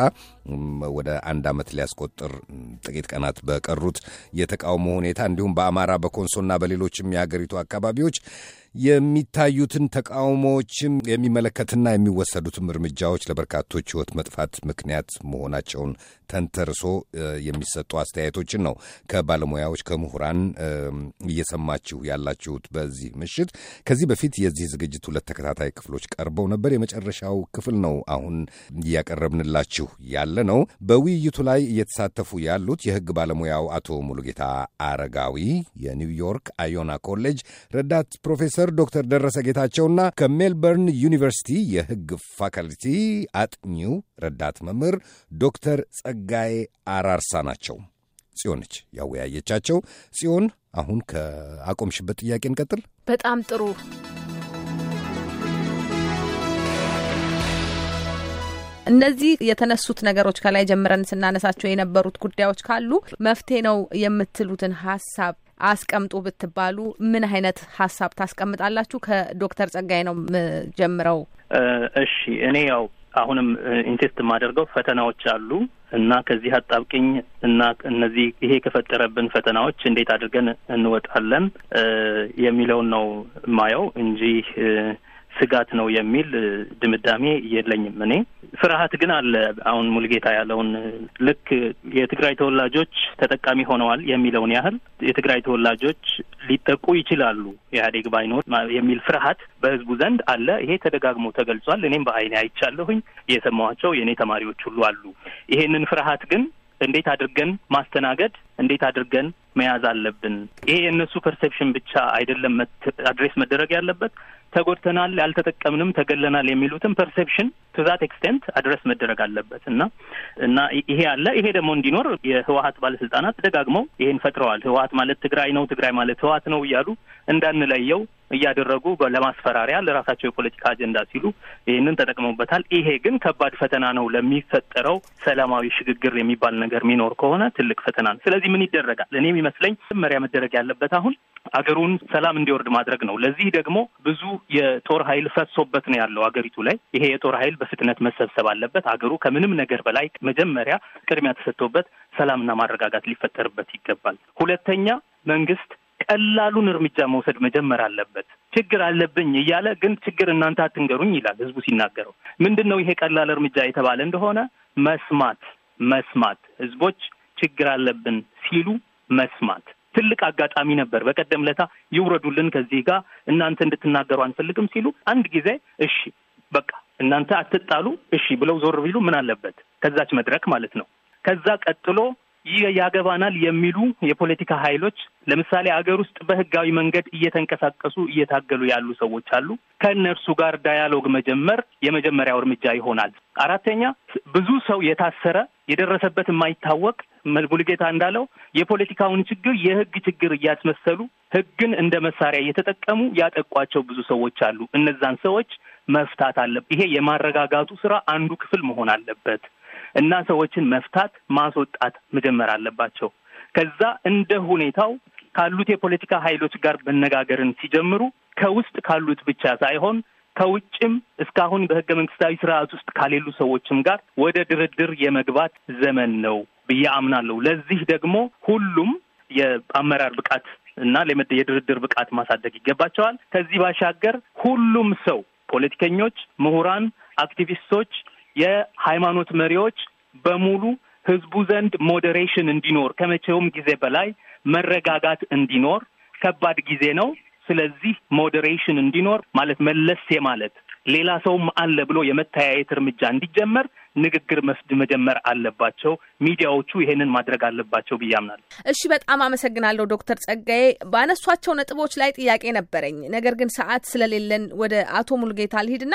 ወደ አንድ ዓመት ሊያስቆጥር ጥቂት ቀናት በቀሩት የተቃውሞ ሁኔታ እንዲሁም በአማራ በኮንሶና በሌሎችም የሀገሪቱ አካባቢዎች የሚታዩትን ተቃውሞዎችም የሚመለከትና የሚወሰዱትም እርምጃዎች ለበርካቶች ሕይወት መጥፋት ምክንያት መሆናቸውን ተንተርሶ የሚሰጡ አስተያየቶችን ነው ከባለሙያዎች ከምሁራን እየሰማችሁ ያላችሁት በዚህ ምሽት። ከዚህ በፊት የዚህ ዝግጅት ሁለት ተከታታይ ክፍሎች ቀርበው ነበር። የመጨረሻው ክፍል ነው አሁን እያቀረብንላችሁ ያለ ነው። በውይይቱ ላይ እየተሳተፉ ያሉት የህግ ባለሙያው አቶ ሙሉጌታ አረጋዊ፣ የኒውዮርክ አዮና ኮሌጅ ረዳት ፕሮፌሰር ፕሮፌሰር ዶክተር ደረሰ ጌታቸውና ከሜልበርን ዩኒቨርሲቲ የሕግ ፋካልቲ አጥኚው ረዳት መምህር ዶክተር ጸጋዬ አራርሳ ናቸው። ጽዮንች ያወያየቻቸው። ጽዮን፣ አሁን ከአቆምሽበት ጥያቄ እንቀጥል። በጣም ጥሩ። እነዚህ የተነሱት ነገሮች ከላይ ጀምረን ስናነሳቸው የነበሩት ጉዳዮች ካሉ መፍትሄ ነው የምትሉትን ሀሳብ አስቀምጡ ብትባሉ ምን አይነት ሀሳብ ታስቀምጣላችሁ? ከዶክተር ጸጋይ ነው የምጀምረው። እሺ እኔ ያው አሁንም ኢንሴስት የማደርገው ፈተናዎች አሉ እና ከዚህ አጣብቅኝ እና እነዚህ ይሄ ከፈጠረብን ፈተናዎች እንዴት አድርገን እንወጣለን የሚለውን ነው ማየው እንጂ ስጋት ነው የሚል ድምዳሜ የለኝም። እኔ ፍርሃት ግን አለ። አሁን ሙልጌታ ያለውን ልክ የትግራይ ተወላጆች ተጠቃሚ ሆነዋል የሚለውን ያህል የትግራይ ተወላጆች ሊጠቁ ይችላሉ ኢህአዴግ ባይኖር የሚል ፍርሃት በህዝቡ ዘንድ አለ። ይሄ ተደጋግሞ ተገልጿል። እኔም በአይኔ አይቻለሁኝ። የሰማኋቸው የእኔ ተማሪዎች ሁሉ አሉ። ይሄንን ፍርሃት ግን እንዴት አድርገን ማስተናገድ እንዴት አድርገን መያዝ አለብን። ይሄ የእነሱ ፐርሴፕሽን ብቻ አይደለም አድሬስ መደረግ ያለበት ተጎድተናል፣ ያልተጠቀምንም፣ ተገለናል የሚሉትን ፐርሴፕሽን ቱ ዛት ኤክስቴንት አድረስ መደረግ አለበት እና እና ይሄ አለ። ይሄ ደግሞ እንዲኖር የህወሀት ባለስልጣናት ደጋግመው ይሄን ፈጥረዋል። ህወሀት ማለት ትግራይ ነው፣ ትግራይ ማለት ህወሀት ነው እያሉ እንዳንለየው እያደረጉ ለማስፈራሪያ ለራሳቸው የፖለቲካ አጀንዳ ሲሉ ይህንን ተጠቅመውበታል። ይሄ ግን ከባድ ፈተና ነው ለሚፈጠረው ሰላማዊ ሽግግር የሚባል ነገር የሚኖር ከሆነ ትልቅ ፈተና ነው። ስለዚህ ምን ይደረጋል? እኔ ስለሚመስለኝ መመሪያ መደረግ ያለበት አሁን አገሩን ሰላም እንዲወርድ ማድረግ ነው። ለዚህ ደግሞ ብዙ የጦር ኃይል ፈሶበት ነው ያለው አገሪቱ ላይ። ይሄ የጦር ኃይል በፍጥነት መሰብሰብ አለበት። አገሩ ከምንም ነገር በላይ መጀመሪያ ቅድሚያ ተሰጥቶበት ሰላምና ማረጋጋት ሊፈጠርበት ይገባል። ሁለተኛ መንግስት ቀላሉን እርምጃ መውሰድ መጀመር አለበት። ችግር አለብኝ እያለ ግን ችግር እናንተ አትንገሩኝ ይላል ህዝቡ ሲናገረው። ምንድን ነው ይሄ ቀላል እርምጃ የተባለ እንደሆነ መስማት መስማት ህዝቦች ችግር አለብን ሲሉ መስማት ትልቅ አጋጣሚ ነበር። በቀደም ለታ ይውረዱልን ከዚህ ጋር እናንተ እንድትናገሩ አንፈልግም ሲሉ አንድ ጊዜ እሺ በቃ እናንተ አትጣሉ እሺ ብለው ዞር ቢሉ ምን አለበት? ከዛች መድረክ ማለት ነው። ከዛ ቀጥሎ ያገባናል የሚሉ የፖለቲካ ኃይሎች ለምሳሌ አገር ውስጥ በህጋዊ መንገድ እየተንቀሳቀሱ እየታገሉ ያሉ ሰዎች አሉ። ከእነርሱ ጋር ዳያሎግ መጀመር የመጀመሪያው እርምጃ ይሆናል። አራተኛ ብዙ ሰው የታሰረ የደረሰበት የማይታወቅ ሙሉጌታ እንዳለው የፖለቲካውን ችግር የህግ ችግር እያስመሰሉ ህግን እንደ መሳሪያ እየተጠቀሙ ያጠቋቸው ብዙ ሰዎች አሉ። እነዛን ሰዎች መፍታት አለብ። ይሄ የማረጋጋቱ ስራ አንዱ ክፍል መሆን አለበት እና ሰዎችን መፍታት ማስወጣት መጀመር አለባቸው። ከዛ እንደ ሁኔታው ካሉት የፖለቲካ ኃይሎች ጋር መነጋገርን ሲጀምሩ ከውስጥ ካሉት ብቻ ሳይሆን ከውጭም እስካሁን በህገ መንግስታዊ ስርዓት ውስጥ ከሌሉ ሰዎችም ጋር ወደ ድርድር የመግባት ዘመን ነው ብዬ አምናለሁ። ለዚህ ደግሞ ሁሉም የአመራር ብቃት እና የድርድር ብቃት ማሳደግ ይገባቸዋል። ከዚህ ባሻገር ሁሉም ሰው ፖለቲከኞች፣ ምሁራን፣ አክቲቪስቶች፣ የሃይማኖት መሪዎች በሙሉ ህዝቡ ዘንድ ሞዴሬሽን እንዲኖር ከመቼውም ጊዜ በላይ መረጋጋት እንዲኖር ከባድ ጊዜ ነው። ስለዚህ ሞዴሬሽን እንዲኖር ማለት መለስ ማለት ሌላ ሰውም አለ ብሎ የመተያየት እርምጃ እንዲጀመር ንግግር መስድ መጀመር አለባቸው። ሚዲያዎቹ ይሄንን ማድረግ አለባቸው ብዬ አምናለሁ። እሺ፣ በጣም አመሰግናለሁ ዶክተር ጸጋዬ ባነሷቸው ነጥቦች ላይ ጥያቄ ነበረኝ፣ ነገር ግን ሰዓት ስለሌለን ወደ አቶ ሙልጌታ ልሂድና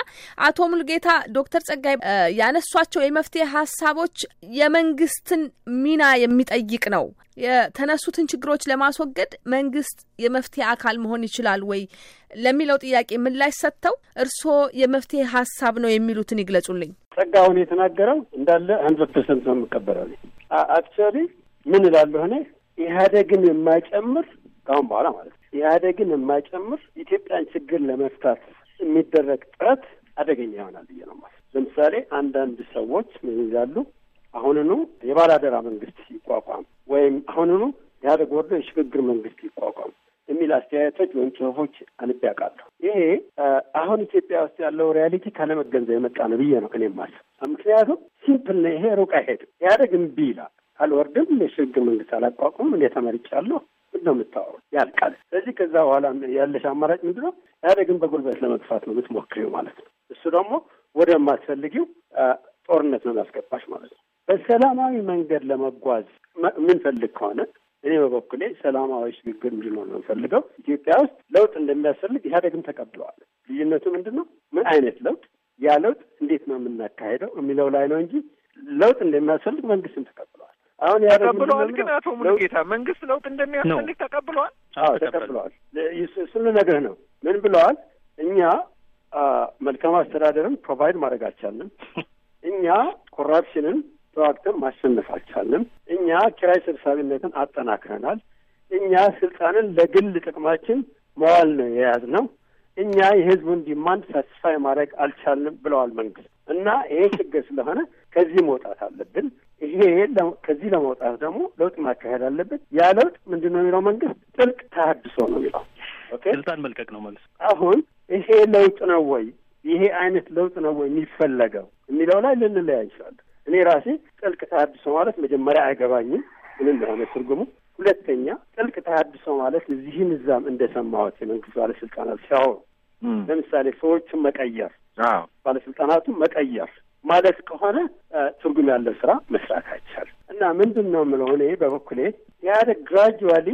አቶ ሙልጌታ ዶክተር ጸጋዬ ያነሷቸው የመፍትሄ ሀሳቦች የመንግስትን ሚና የሚጠይቅ ነው የተነሱትን ችግሮች ለማስወገድ መንግስት የመፍትሄ አካል መሆን ይችላል ወይ ለሚለው ጥያቄ ምላሽ ሰጥተው እርስዎ የመፍትሄ ሀሳብ ነው የሚሉትን ይግለጹልኝ። አሁን የተናገረው እንዳለ አንድ ፐርሰንት ነው የምቀበለው። አክቹዋሊ ምን እላለሁ እኔ ኢህአዴግን የማይጨምር ከአሁን በኋላ ማለት ነው ኢህአዴግን የማይጨምር ኢትዮጵያን ችግር ለመፍታት የሚደረግ ጥረት አደገኛ ይሆናል ብዬ ነው ማለት። ለምሳሌ አንዳንድ ሰዎች ምን ይላሉ? አሁንኑ የባላደራ መንግስት ይቋቋም ወይም አሁኑኑ ኢህአዴግ ወርዶ የሽግግር መንግስት ይቋቋም የሚል አስተያየቶች ወይም ጽሁፎች አንቤ ያውቃለሁ። ይሄ አሁን ኢትዮጵያ ውስጥ ያለው ሪያሊቲ ካለመገንዘብ የመጣ ነው ብዬ ነው እኔ የማስብ። ምክንያቱም ሲምፕል ነው። ይሄ ሩቅ አይሄድም። ኢህአዴግ እምቢ ይላል። አልወርድም፣ የሽግግር መንግስት አላቋቁምም፣ እኔ ተመርጫለሁ ነው የምታወሩ ያልቃል። ስለዚህ ከዛ በኋላ ያለሽ አማራጭ ምንድን ነው? ኢህአዴግን በጉልበት ለመግፋት ነው የምትሞክሪው ማለት ነው። እሱ ደግሞ ወደ ማትፈልጊው ጦርነት ነው ያስገባሽ ማለት ነው። በሰላማዊ መንገድ ለመጓዝ የምንፈልግ ከሆነ እኔ በበኩሌ ሰላማዊ ሽግግር እንዲኖር ነው የምፈልገው። ኢትዮጵያ ውስጥ ለውጥ እንደሚያስፈልግ ኢህአዴግም ተቀብለዋል። ልዩነቱ ምንድን ነው? ምን አይነት ለውጥ፣ ያ ለውጥ እንዴት ነው የምናካሄደው የሚለው ላይ ነው እንጂ ለውጥ እንደሚያስፈልግ መንግስትም ተቀብለዋል። አሁን ተቀብለዋል። ግን አቶ ሙሉጌታ መንግስት ለውጥ እንደሚያስፈልግ ተቀብለዋል። አዎ ተቀብለዋል። ስሉ ነገር ነው። ምን ብለዋል? እኛ መልካም አስተዳደርን ፕሮቫይድ ማድረግ አልቻልንም። እኛ ኮራፕሽንን ተዋግተን ማሸነፍ አልቻለም። እኛ ኪራይ ሰብሳቢነትን አጠናክረናል። እኛ ስልጣንን ለግል ጥቅማችን መዋል ነው የያዝነው። እኛ የህዝቡን ዲማንድ ሳትስፋይ ማድረግ አልቻልንም ብለዋል መንግስት እና ይሄ ችግር ስለሆነ ከዚህ መውጣት አለብን። ይሄ ከዚህ ለመውጣት ደግሞ ለውጥ ማካሄድ አለብን። ያ ለውጥ ምንድን ነው የሚለው መንግስት ጥልቅ ተሀድሶ ነው የሚለው ስልጣን መልቀቅ ነው መልስ። አሁን ይሄ ለውጥ ነው ወይ ይሄ አይነት ለውጥ ነው ወይ የሚፈለገው የሚለው ላይ ልንለያይ ይችላል። እኔ ራሴ ጥልቅ ተሀድሶ ማለት መጀመሪያ አይገባኝም ምን እንደሆነ ትርጉሙ። ሁለተኛ ጥልቅ ተሀድሶ ማለት እዚህም እዛም እንደሰማሁት የመንግስት ባለስልጣናት ሲያወሩ ለምሳሌ ሰዎችን መቀየር፣ ባለስልጣናቱን መቀየር ማለት ከሆነ ትርጉም ያለው ስራ መስራት አይቻልም። እና ምንድን ነው የምለው እኔ በበኩሌ ኢህአዴግ ግራጁዋሊ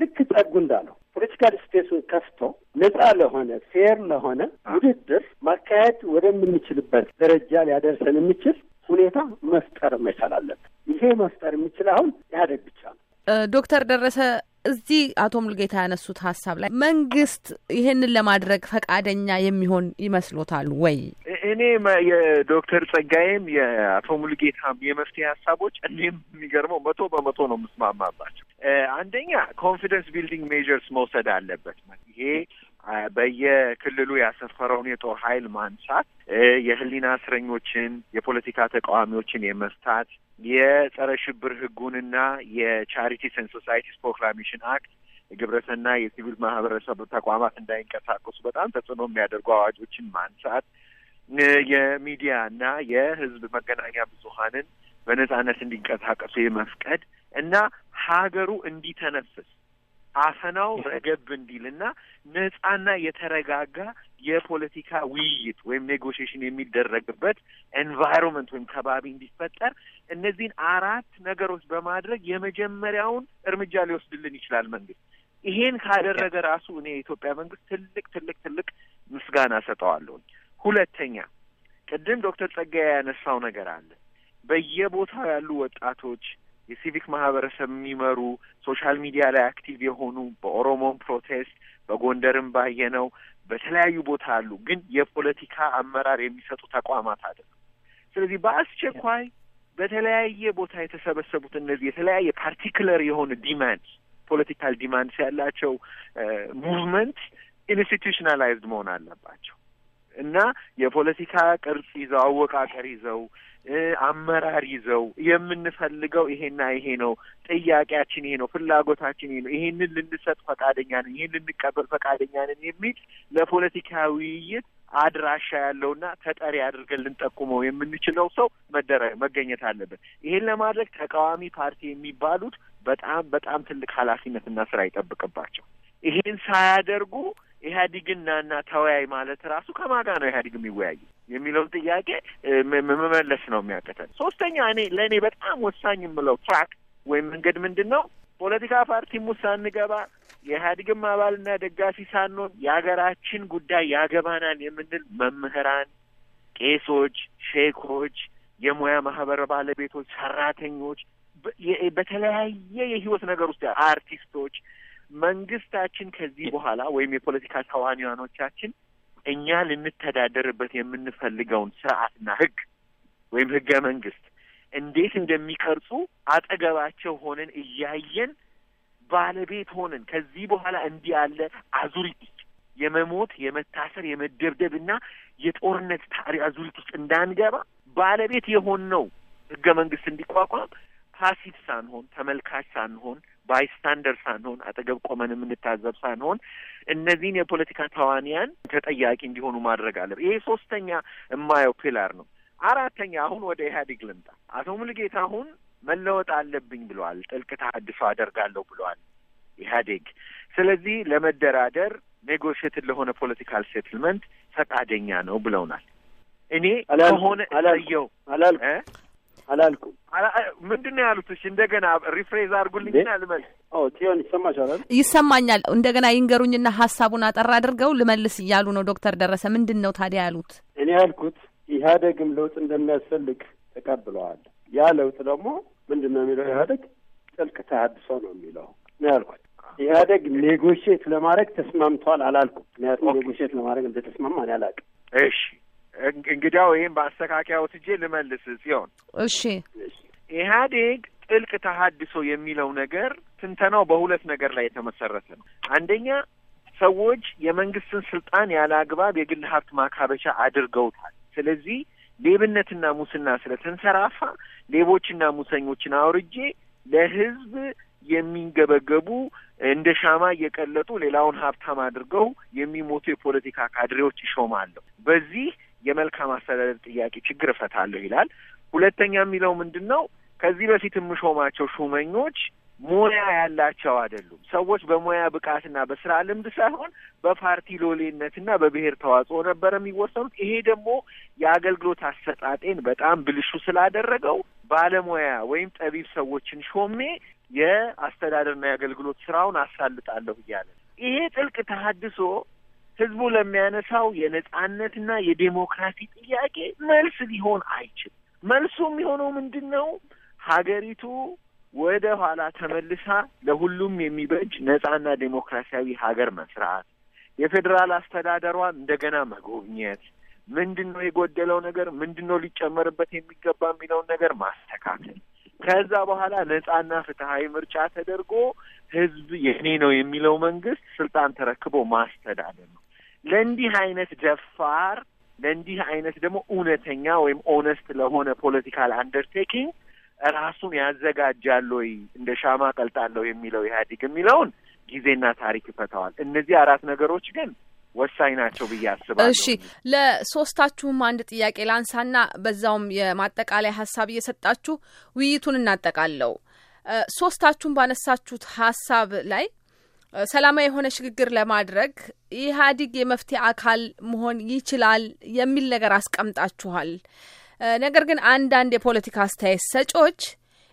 ልክ ጠጉ እንዳለው ፖለቲካል ስፔሱን ከፍቶ ነጻ ለሆነ ፌር ለሆነ ውድድር ማካሄድ ወደምንችልበት ደረጃ ሊያደርሰን የሚችል ሁኔታ መፍጠር መቻል አለብን። ይሄ መፍጠር የሚችል አሁን ኢህአዴግ ብቻ ነው። ዶክተር ደረሰ እዚህ አቶ ሙልጌታ ያነሱት ሀሳብ ላይ መንግስት ይህንን ለማድረግ ፈቃደኛ የሚሆን ይመስሎታል ወይ? እኔ የዶክተር ጸጋዬም የአቶ ሙልጌታም የመፍትሄ ሀሳቦች እኔም የሚገርመው መቶ በመቶ ነው የምስማማባቸው። አንደኛ ኮንፊደንስ ቢልዲንግ ሜዥርስ መውሰድ አለበት። ይሄ በየክልሉ ያሰፈረውን የጦር ኃይል ማንሳት፣ የህሊና እስረኞችን፣ የፖለቲካ ተቃዋሚዎችን የመፍታት የጸረ ሽብር ህጉንና የቻሪቲስ ኤንድ ሶሳይቲስ ፕሮክላሜሽን አክት የግብረሰና የሲቪል ማህበረሰብ ተቋማት እንዳይንቀሳቀሱ በጣም ተጽዕኖ የሚያደርጉ አዋጆችን ማንሳት፣ እና የህዝብ መገናኛ ብዙሀንን በነጻነት እንዲንቀሳቀሱ የመፍቀድ እና ሀገሩ እንዲተነፍስ አፈናው ረገብ እንዲልና ነጻና የተረጋጋ የፖለቲካ ውይይት ወይም ኔጎሽሽን የሚደረግበት ኤንቫይሮንመንት ወይም ከባቢ እንዲፈጠር እነዚህን አራት ነገሮች በማድረግ የመጀመሪያውን እርምጃ ሊወስድልን ይችላል መንግስት። ይሄን ካደረገ ራሱ እኔ የኢትዮጵያ መንግስት ትልቅ ትልቅ ትልቅ ምስጋና ሰጠዋለሁ። ሁለተኛ ቅድም ዶክተር ጸጋዬ ያነሳው ነገር አለ። በየቦታው ያሉ ወጣቶች የሲቪክ ማህበረሰብ የሚመሩ ሶሻል ሚዲያ ላይ አክቲቭ የሆኑ በኦሮሞም ፕሮቴስት በጎንደርም ባየነው በተለያዩ ቦታ አሉ። ግን የፖለቲካ አመራር የሚሰጡ ተቋማት አይደለም። ስለዚህ በአስቸኳይ በተለያየ ቦታ የተሰበሰቡት እነዚህ የተለያየ ፓርቲክለር የሆነ ዲማንድ ፖለቲካል ዲማንድስ ያላቸው ሙቭመንት ኢንስቲቱሽናላይዝድ መሆን አለባቸው እና የፖለቲካ ቅርጽ ይዘው አወቃቀር ይዘው አመራር ይዘው የምንፈልገው ይሄና ይሄ ነው፣ ጥያቄያችን ይሄ ነው፣ ፍላጎታችን ይሄ ነው፣ ይሄንን ልንሰጥ ፈቃደኛ ነን፣ ይሄን ልንቀበል ፈቃደኛ ነን የሚል ለፖለቲካ ውይይት አድራሻ ያለውና ተጠሪ አድርገን ልንጠቁመው የምንችለው ሰው መደረ መገኘት አለበት። ይሄን ለማድረግ ተቃዋሚ ፓርቲ የሚባሉት በጣም በጣም ትልቅ ኃላፊነትና ስራ ይጠብቅባቸው። ይሄን ሳያደርጉ ኢህአዲግና እና ተወያይ ማለት ራሱ ከማጋ ነው ኢህአዲግ የሚወያዩ። የሚለውን ጥያቄ መመለስ ነው የሚያቀተን። ሶስተኛ እኔ ለእኔ በጣም ወሳኝ የምለው ትራክ ወይም መንገድ ምንድን ነው? ፖለቲካ ፓርቲም ውስጥ ሳንገባ የኢህአዴግም አባልና ደጋፊ ሳንሆን የሀገራችን ጉዳይ ያገባናል የምንል መምህራን፣ ቄሶች፣ ሼኮች፣ የሙያ ማህበር ባለቤቶች፣ ሰራተኞች፣ በተለያየ የህይወት ነገር ውስጥ አርቲስቶች መንግስታችን ከዚህ በኋላ ወይም የፖለቲካ ተዋንያኖቻችን እኛ ልንተዳደርበት የምንፈልገውን ስርዓትና ህግ ወይም ህገ መንግስት እንዴት እንደሚቀርጹ አጠገባቸው ሆነን እያየን ባለቤት ሆነን ከዚህ በኋላ እንዲህ ያለ አዙሪት የመሞት የመታሰር የመደብደብና የጦርነት ታሪ አዙሪት ውስጥ እንዳንገባ ባለቤት ነው ህገ መንግስት እንዲቋቋም ፓሲቭ ሳንሆን ተመልካች ሳንሆን ባይስታንደር ሳንሆን አጠገብ ቆመን የምንታዘብ ሳንሆን እነዚህን የፖለቲካ ተዋንያን ተጠያቂ እንዲሆኑ ማድረግ አለ። ይሄ ሶስተኛ የማየው ፒላር ነው። አራተኛ አሁን ወደ ኢህአዴግ ልምጣ። አቶ ሙሉጌታ አሁን መለወጥ አለብኝ ብለዋል። ጥልቅ ተሃድሶ አደርጋለሁ ብለዋል ኢህአዴግ። ስለዚህ ለመደራደር ኔጎሽትን ለሆነ ፖለቲካል ሴትልመንት ፈቃደኛ ነው ብለውናል። እኔ ከሆነ እሰየው አላልኩም። ምንድን ነው ያሉት? እሺ እንደገና ሪፍሬዝ አድርጉልኝና ልመልስ። ጽዮን ይሰማሻል? ይሰማኛል። እንደገና ይንገሩኝና ሀሳቡን አጠር አድርገው ልመልስ እያሉ ነው ዶክተር ደረሰ። ምንድን ነው ታዲያ ያሉት? እኔ ያልኩት ኢህአዴግም ለውጥ እንደሚያስፈልግ ተቀብለዋል። ያ ለውጥ ደግሞ ምንድን ነው የሚለው ኢህአዴግ ጥልቅ ተሀድሶ ነው የሚለው ነው ያልኩት። ኢህአደግ ኔጎሽት ለማድረግ ተስማምቷል አላልኩም። ምክንያቱም ኔጎሽት ለማድረግ እንደተስማማ እኔ አላውቅም። እሺ እንግዲያው ይህም በአስተካከያ ወስጄ ልመልስ ሲሆን እሺ ኢህአዴግ ጥልቅ ተሀድሶ የሚለው ነገር ትንተናው በሁለት ነገር ላይ የተመሰረተ ነው። አንደኛ ሰዎች የመንግስትን ስልጣን ያለ አግባብ የግል ሀብት ማካበቻ አድርገውታል። ስለዚህ ሌብነትና ሙስና ስለተንሰራፋ ሌቦችና ሙሰኞችን አውርጄ ለህዝብ የሚንገበገቡ እንደ ሻማ እየቀለጡ ሌላውን ሀብታም አድርገው የሚሞቱ የፖለቲካ ካድሬዎች ይሾማለሁ። በዚህ የመልካም አስተዳደር ጥያቄ ችግር እፈታለሁ ይላል። ሁለተኛ የሚለው ምንድን ነው? ከዚህ በፊት የምሾማቸው ሹመኞች ሙያ ያላቸው አይደሉም። ሰዎች በሙያ ብቃትና በስራ ልምድ ሳይሆን በፓርቲ ሎሌነትና በብሔር ተዋጽኦ ነበር የሚወሰኑት። ይሄ ደግሞ የአገልግሎት አሰጣጤን በጣም ብልሹ ስላደረገው ባለሙያ ወይም ጠቢብ ሰዎችን ሾሜ የአስተዳደርና የአገልግሎት ስራውን አሳልጣለሁ እያለ ይሄ ጥልቅ ተሀድሶ ህዝቡ ለሚያነሳው የነጻነትና የዴሞክራሲ ጥያቄ መልስ ሊሆን አይችልም። መልሱ የሚሆነው ምንድን ነው? ሀገሪቱ ወደ ኋላ ተመልሳ ለሁሉም የሚበጅ ነጻና ዴሞክራሲያዊ ሀገር መስራት፣ የፌዴራል አስተዳደሯን እንደገና መጎብኘት፣ ምንድን ነው የጎደለው ነገር፣ ምንድን ነው ሊጨመርበት የሚገባ የሚለውን ነገር ማስተካከል፣ ከዛ በኋላ ነጻና ፍትሀዊ ምርጫ ተደርጎ ህዝብ የኔ ነው የሚለው መንግስት ስልጣን ተረክቦ ማስተዳደር ነው። ለእንዲህ አይነት ደፋር ለእንዲህ አይነት ደግሞ እውነተኛ ወይም ኦነስት ለሆነ ፖለቲካል አንደርቴኪንግ ራሱን ያዘጋጃል ወይ እንደ ሻማ ቀልጣለሁ የሚለው ኢህአዲግ የሚለውን ጊዜና ታሪክ ይፈታዋል። እነዚህ አራት ነገሮች ግን ወሳኝ ናቸው ብዬ አስባለሁ። እሺ ለሶስታችሁም አንድ ጥያቄ ላንሳና በዛውም የማጠቃለያ ሀሳብ እየሰጣችሁ ውይይቱን እናጠቃለው። ሶስታችሁም ባነሳችሁት ሀሳብ ላይ ሰላማዊ የሆነ ሽግግር ለማድረግ ኢህአዲግ የመፍትሄ አካል መሆን ይችላል የሚል ነገር አስቀምጣችኋል። ነገር ግን አንዳንድ የፖለቲካ አስተያየት ሰጪዎች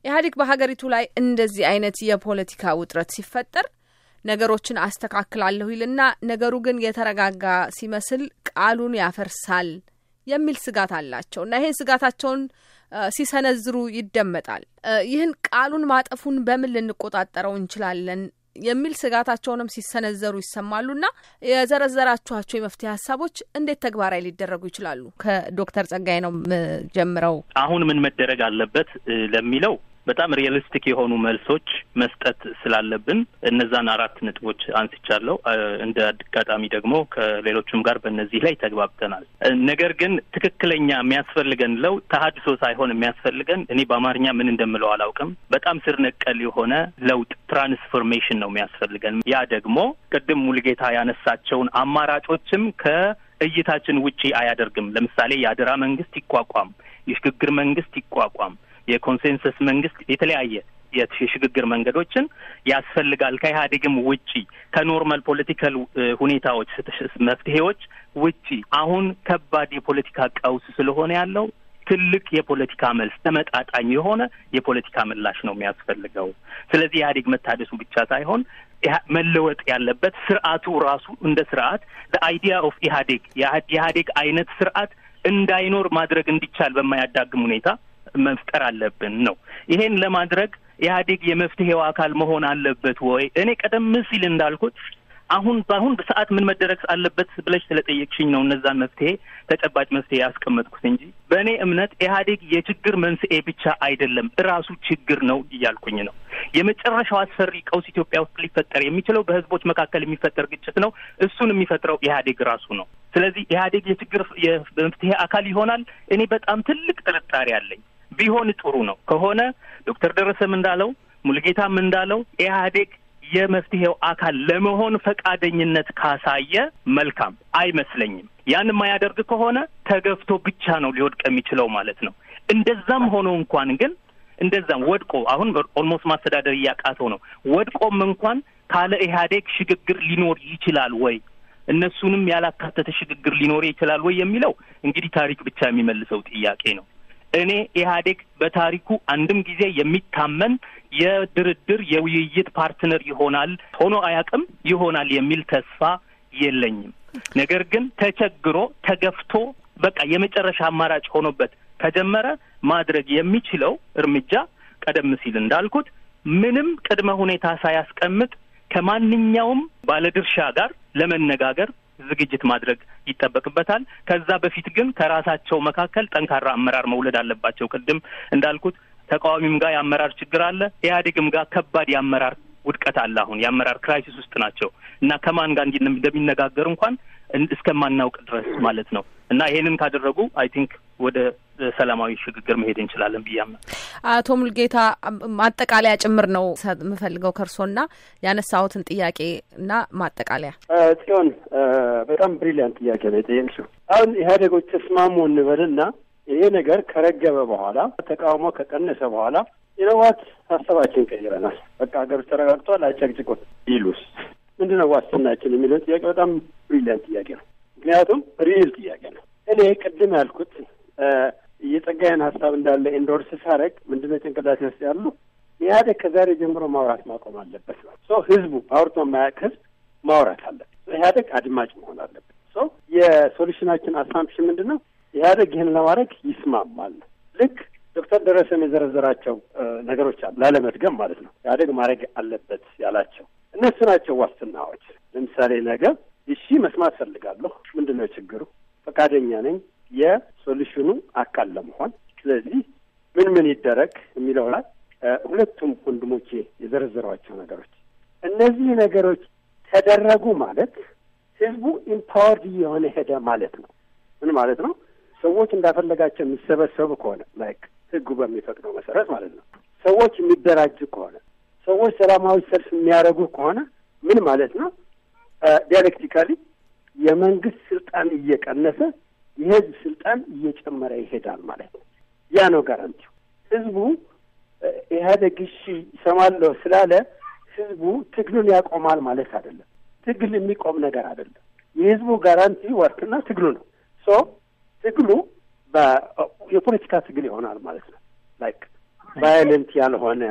ኢህአዲግ በሀገሪቱ ላይ እንደዚህ አይነት የፖለቲካ ውጥረት ሲፈጠር ነገሮችን አስተካክላለሁ ይልና ነገሩ ግን የተረጋጋ ሲመስል ቃሉን ያፈርሳል የሚል ስጋት አላቸው እና ይህን ስጋታቸውን ሲሰነዝሩ ይደመጣል። ይህን ቃሉን ማጠፉን በምን ልንቆጣጠረው እንችላለን የሚል ስጋታቸውንም ሲሰነዘሩ ይሰማሉና የዘረዘራችኋቸው የመፍትሄ ሀሳቦች እንዴት ተግባራዊ ሊደረጉ ይችላሉ? ከዶክተር ጸጋይ ነው ጀምረው። አሁን ምን መደረግ አለበት ለሚለው በጣም ሪያሊስቲክ የሆኑ መልሶች መስጠት ስላለብን እነዛን አራት ነጥቦች አንስቻለሁ። እንደ አጋጣሚ ደግሞ ከሌሎቹም ጋር በእነዚህ ላይ ተግባብተናል። ነገር ግን ትክክለኛ የሚያስፈልገን ለው ተሀድሶ ሳይሆን የሚያስፈልገን እኔ በአማርኛ ምን እንደምለው አላውቅም። በጣም ስር ነቀል የሆነ ለውጥ ትራንስፎርሜሽን ነው የሚያስፈልገን። ያ ደግሞ ቅድም ሙልጌታ ያነሳቸውን አማራጮችም ከእይታችን ውጪ አያደርግም። ለምሳሌ የአደራ መንግስት ይቋቋም፣ የሽግግር መንግስት ይቋቋም የኮንሴንሰስ መንግስት የተለያየ የሽግግር መንገዶችን ያስፈልጋል። ከኢህአዴግም ውጪ ከኖርማል ፖለቲካል ሁኔታዎች መፍትሄዎች ውጪ አሁን ከባድ የፖለቲካ ቀውስ ስለሆነ ያለው ትልቅ የፖለቲካ መልስ ተመጣጣኝ የሆነ የፖለቲካ ምላሽ ነው የሚያስፈልገው። ስለዚህ ኢህአዴግ መታደሱ ብቻ ሳይሆን መለወጥ ያለበት ስርዓቱ ራሱ እንደ ስርዓት አይዲያ ኦፍ ኢህአዴግ የኢህአዴግ አይነት ስርዓት እንዳይኖር ማድረግ እንዲቻል በማያዳግም ሁኔታ መፍጠር አለብን ነው። ይሄን ለማድረግ ኢህአዴግ የመፍትሄው አካል መሆን አለበት ወይ? እኔ ቀደም ሲል እንዳልኩት አሁን በአሁን ሰዓት ምን መደረግ አለበት ብለሽ ስለጠየቅሽኝ ነው እነዛን መፍትሄ ተጨባጭ መፍትሄ ያስቀመጥኩት እንጂ በእኔ እምነት ኢህአዴግ የችግር መንስኤ ብቻ አይደለም፣ እራሱ ችግር ነው እያልኩኝ ነው። የመጨረሻው አስፈሪ ቀውስ ኢትዮጵያ ውስጥ ሊፈጠር የሚችለው በህዝቦች መካከል የሚፈጠር ግጭት ነው። እሱን የሚፈጥረው ኢህአዴግ ራሱ ነው። ስለዚህ ኢህአዴግ የችግር የመፍትሄ አካል ይሆናል፣ እኔ በጣም ትልቅ ጥርጣሬ አለኝ። ቢሆን ጥሩ ነው። ከሆነ ዶክተር ደረሰም እንዳለው ሙልጌታም እንዳለው ኢህአዴግ የመፍትሄው አካል ለመሆን ፈቃደኝነት ካሳየ መልካም አይመስለኝም። ያን የማያደርግ ከሆነ ተገፍቶ ብቻ ነው ሊወድቅ የሚችለው ማለት ነው። እንደዛም ሆኖ እንኳን ግን እንደዛም ወድቆ አሁን ኦልሞስት ማስተዳደር እያቃተው ነው። ወድቆም እንኳን ካለ ኢህአዴግ ሽግግር ሊኖር ይችላል ወይ እነሱንም ያላካተተ ሽግግር ሊኖር ይችላል ወይ የሚለው እንግዲህ ታሪክ ብቻ የሚመልሰው ጥያቄ ነው። እኔ ኢህአዴግ በታሪኩ አንድም ጊዜ የሚታመን የድርድር የውይይት ፓርትነር ይሆናል ሆኖ አያውቅም፣ ይሆናል የሚል ተስፋ የለኝም። ነገር ግን ተቸግሮ ተገፍቶ በቃ የመጨረሻ አማራጭ ሆኖበት ከጀመረ ማድረግ የሚችለው እርምጃ ቀደም ሲል እንዳልኩት ምንም ቅድመ ሁኔታ ሳያስቀምጥ ከማንኛውም ባለድርሻ ጋር ለመነጋገር ዝግጅት ማድረግ ይጠበቅበታል። ከዛ በፊት ግን ከራሳቸው መካከል ጠንካራ አመራር መውለድ አለባቸው። ቅድም እንዳልኩት ተቃዋሚም ጋር የአመራር ችግር አለ፣ ኢህአዴግም ጋር ከባድ የአመራር ውድቀት አለ። አሁን የአመራር ክራይሲስ ውስጥ ናቸው እና ከማን ጋር እንደሚነጋገር እንኳን እስከማናውቅ ድረስ ማለት ነው። እና ይሄንን ካደረጉ አይ ቲንክ ወደ ሰላማዊ ሽግግር መሄድ እንችላለን ብያም አቶ ሙልጌታ ማጠቃለያ ጭምር ነው የምፈልገው ና ያነሳሁትን ጥያቄ እና ማጠቃለያ። ጽዮን በጣም ብሪሊያንት ጥያቄ ነው የጠየቅሽው። አሁን ኢህአዴጎች ተስማሙ ና ይሄ ነገር ከረገበ በኋላ ተቃውሞ ከቀነሰ በኋላ ኢነዋት ሀሳባችን ቀይረናል፣ በቃ ሀገር ተረጋግቷል፣ አጨቅጭቁት ይሉስ ምንድን ነው ዋስትናችን የሚለው ጥያቄ በጣም ብሪሊያንት ጥያቄ ነው። ምክንያቱም ሪል ጥያቄ ነው። እኔ ቅድም ያልኩት የጸጋዬን ሀሳብ እንዳለ ኢንዶርስ ሳረግ ምንድን ነው ጭንቅላት ውስጥ ያሉ ኢህአዴግ ከዛሬ ጀምሮ ማውራት ማቆም አለበት ነው። ሶ ህዝቡ አውርቶ የማያውቅ ህዝብ ማውራት አለበት። ኢህአዴግ አድማጭ መሆን አለበት። ሶ የሶሉሽናችን አሳምፕሽን ምንድን ነው? ኢህአዴግ ይህን ለማድረግ ይስማማል። ልክ ዶክተር ደረሰም የዘረዘራቸው ነገሮች አሉ፣ ላለመድገም ማለት ነው። ኢህአዴግ ማድረግ አለበት ያላቸው እነሱ ናቸው ዋስትናዎች። ለምሳሌ ነገ እሺ መስማት ፈልጋለሁ፣ ምንድን ነው ችግሩ? ፈቃደኛ ነኝ የሶሉሽኑ አካል ለመሆን። ስለዚህ ምን ምን ይደረግ የሚለው ላይ ሁለቱም ወንድሞቼ የዘረዘሯቸው ነገሮች እነዚህ ነገሮች ተደረጉ ማለት ህዝቡ ኢምፓወርድ የሆነ ሄደ ማለት ነው። ምን ማለት ነው? ሰዎች እንዳፈለጋቸው የሚሰበሰቡ ከሆነ ላይክ ህጉ በሚፈቅደው መሰረት ማለት ነው። ሰዎች የሚደራጁ ከሆነ ሰዎች ሰላማዊ ሰልፍ የሚያደርጉ ከሆነ ምን ማለት ነው? ዲያሌክቲካሊ የመንግስት ስልጣን እየቀነሰ የህዝብ ስልጣን እየጨመረ ይሄዳል ማለት ነው። ያ ነው ጋራንቲው። ህዝቡ ኢህአዴግ እሺ ይሰማለሁ ስላለ ህዝቡ ትግሉን ያቆማል ማለት አይደለም። ትግል የሚቆም ነገር አይደለም። የህዝቡ ጋራንቲ ወርክና ትግሉ ነው። ሶ ትግሉ የፖለቲካ ትግል ይሆናል ማለት ነው። ላይክ ቫይለንት ያልሆነ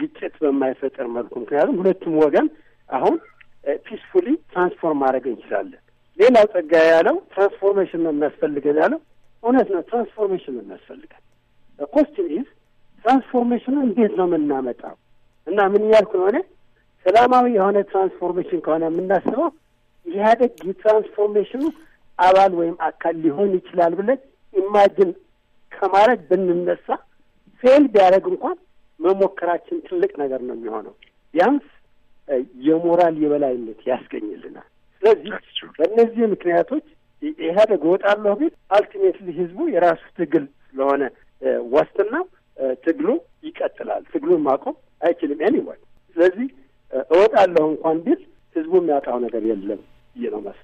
ግጭት በማይፈጠር መልኩ ምክንያቱም ሁለቱም ወገን አሁን ፒስፉሊ eh, ትራንስፎርም ማድረግ እንችላለን። ሌላው ጸጋ ያለው ትራንስፎርሜሽን ነው የሚያስፈልገን ያለው እውነት ነው። ትራንስፎርሜሽን ነው የሚያስፈልገን። ኮስትን ኢዝ ትራንስፎርሜሽኑ እንዴት ነው የምናመጣው? እና ምን እያልኩ ነው እኔ ሰላማዊ የሆነ ትራንስፎርሜሽን ከሆነ የምናስበው ኢህአዴግ የትራንስፎርሜሽኑ አባል ወይም አካል ሊሆን ይችላል ብለን ኢማጅን ከማድረግ ብንነሳ ፌል ቢያደርግ እንኳን መሞከራችን ትልቅ ነገር ነው የሚሆነው። ቢያንስ የሞራል የበላይነት ያስገኝልናል። ስለዚህ በእነዚህ ምክንያቶች ኢህአዴግ ወጣለሁ ቢል አልቲሜትሊ ህዝቡ የራሱ ትግል ስለሆነ ዋስትና ትግሉ ይቀጥላል። ትግሉን ማቆም አይችልም ኤኒዋይ። ስለዚህ እወጣለሁ እንኳን ቢል ህዝቡ የሚያጣው ነገር የለም ነው መስ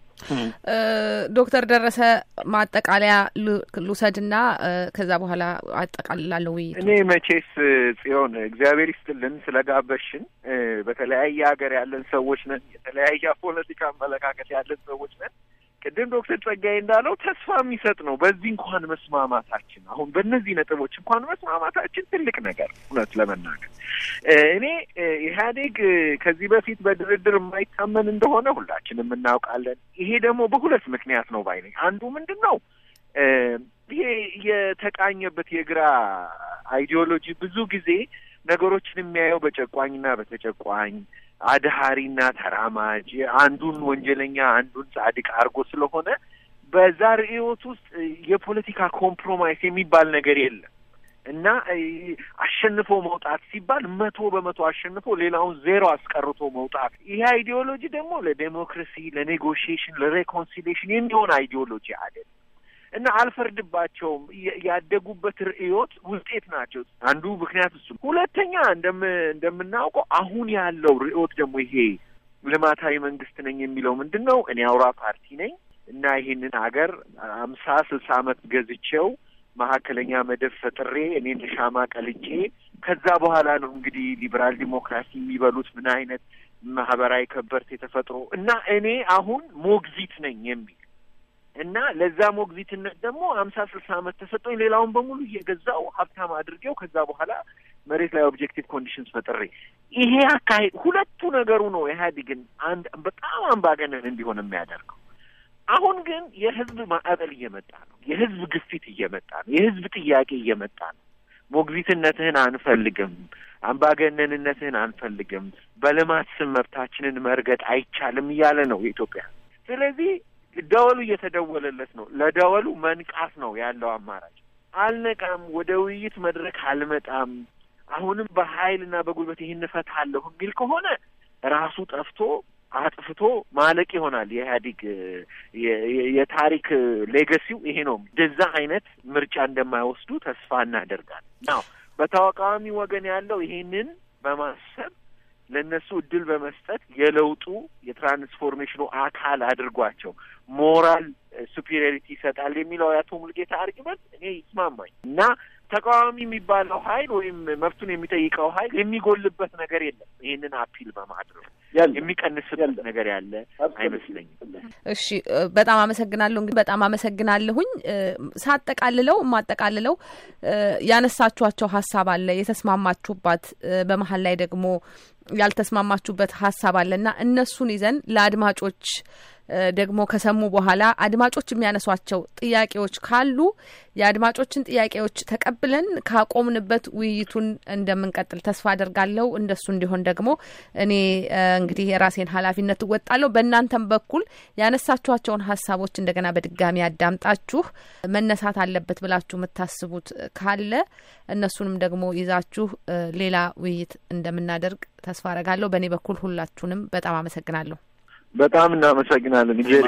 ዶክተር ደረሰ ማጠቃለያ ልውሰድና ከዛ በኋላ አጠቃልላለሁ ውይይቱ። እኔ መቼስ ጽዮን እግዚአብሔር ይስጥልን ስለጋበሽን። በተለያየ ሀገር ያለን ሰዎች ነን። የተለያየ ፖለቲካ አመለካከት ያለን ሰዎች ነን። ቅድም ዶክተር ጸጋዬ እንዳለው ተስፋ የሚሰጥ ነው። በዚህ እንኳን መስማማታችን አሁን በእነዚህ ነጥቦች እንኳን መስማማታችን ትልቅ ነገር እውነት ለመናገር እኔ ኢህአዴግ ከዚህ በፊት በድርድር የማይታመን እንደሆነ ሁላችንም እናውቃለን። ይሄ ደግሞ በሁለት ምክንያት ነው ባይነኝ። አንዱ ምንድን ነው ይሄ የተቃኘበት የግራ አይዲዮሎጂ ብዙ ጊዜ ነገሮችን የሚያየው በጨቋኝና በተጨቋኝ አድሃሪና ተራማጅ አንዱን ወንጀለኛ አንዱን ጻድቅ አድርጎ ስለሆነ በዛ ርዕዮት ውስጥ የፖለቲካ ኮምፕሮማይስ የሚባል ነገር የለም እና አሸንፎ መውጣት ሲባል መቶ በመቶ አሸንፎ ሌላውን ዜሮ አስቀርቶ መውጣት። ይሄ አይዲዮሎጂ ደግሞ ለዴሞክራሲ፣ ለኔጎሽሽን፣ ለሬኮንሲሌሽን የሚሆን አይዲዮሎጂ አይደለም። እና አልፈርድባቸውም። ያደጉበት ርእዮት ውጤት ናቸው። አንዱ ምክንያት እሱ። ሁለተኛ እንደም እንደምናውቀው አሁን ያለው ርእዮት ደግሞ ይሄ ልማታዊ መንግስት ነኝ የሚለው ምንድን ነው? እኔ አውራ ፓርቲ ነኝ እና ይሄንን ሀገር አምሳ ስልሳ አመት ገዝቼው መካከለኛ መደብ ፈጥሬ እኔን ሻማ ቀልጬ ከዛ በኋላ ነው እንግዲህ ሊበራል ዲሞክራሲ የሚበሉት ምን አይነት ማህበራዊ ከበርቴ ተፈጥሮ እና እኔ አሁን ሞግዚት ነኝ የሚል እና ለዛ ሞግዚትነት ደግሞ አምሳ ስልሳ ዓመት ተሰጠኝ። ሌላውን በሙሉ እየገዛው ሀብታም አድርጌው ከዛ በኋላ መሬት ላይ ኦብጀክቲቭ ኮንዲሽንስ ፈጥሬ ይሄ አካሄድ ሁለቱ ነገሩ ነው ኢህአዴግን አንድ በጣም አምባገነን እንዲሆን የሚያደርገው። አሁን ግን የህዝብ ማዕበል እየመጣ ነው። የህዝብ ግፊት እየመጣ ነው። የህዝብ ጥያቄ እየመጣ ነው። ሞግዚትነትህን አንፈልግም፣ አምባገነንነትህን አንፈልግም፣ በልማት ስም መብታችንን መርገጥ አይቻልም እያለ ነው የኢትዮጵያ ስለዚህ ደወሉ እየተደወለለት ነው። ለደወሉ መንቃት ነው ያለው አማራጭ። አልነቃም፣ ወደ ውይይት መድረክ አልመጣም፣ አሁንም በኃይልና በጉልበት ይህን እፈታለሁ የሚል ከሆነ ራሱ ጠፍቶ አጥፍቶ ማለቅ ይሆናል። የኢህአዴግ የታሪክ ሌገሲው ይሄ ነው። እንደዛ አይነት ምርጫ እንደማይወስዱ ተስፋ እናደርጋለን። ናው በተቃዋሚ ወገን ያለው ይሄንን በማሰብ ለእነሱ እድል በመስጠት የለውጡ የትራንስፎርሜሽኑ አካል አድርጓቸው ሞራል ሱፒሪዮሪቲ ይሰጣል የሚለው የአቶ ሙልጌታ አርጊመንት እኔ ይስማማኝ እና ተቃዋሚ የሚባለው ኃይል ወይም መብቱን የሚጠይቀው ኃይል የሚጎልበት ነገር የለም። ይህንን አፒል በማድረግ የሚቀንስበት ነገር ያለ አይመስለኝም። እሺ፣ በጣም አመሰግናለሁ። እንግዲህ በጣም አመሰግናለሁኝ። ሳጠቃልለው የማጠቃልለው ያነሳችኋቸው ሀሳብ አለ የተስማማችሁባት፣ በመሀል ላይ ደግሞ ያልተስማማችሁበት ሀሳብ አለና እነሱን ይዘን ለአድማጮች ደግሞ ከሰሙ በኋላ አድማጮች የሚያነሷቸው ጥያቄዎች ካሉ የአድማጮችን ጥያቄዎች ተቀብለን ካቆምንበት ውይይቱን እንደምንቀጥል ተስፋ አደርጋለሁ። እንደሱ እንዲሆን ደግሞ እኔ እንግዲህ የራሴን ኃላፊነት እወጣለሁ። በእናንተም በኩል ያነሳችኋቸውን ሀሳቦች እንደገና በድጋሚ አዳምጣችሁ መነሳት አለበት ብላችሁ የምታስቡት ካለ እነሱንም ደግሞ ይዛችሁ ሌላ ውይይት እንደምናደርግ ተስፋ አረጋለሁ። በእኔ በኩል ሁላችሁንም በጣም አመሰግናለሁ። በጣም እናመሰግናለን። እግዜር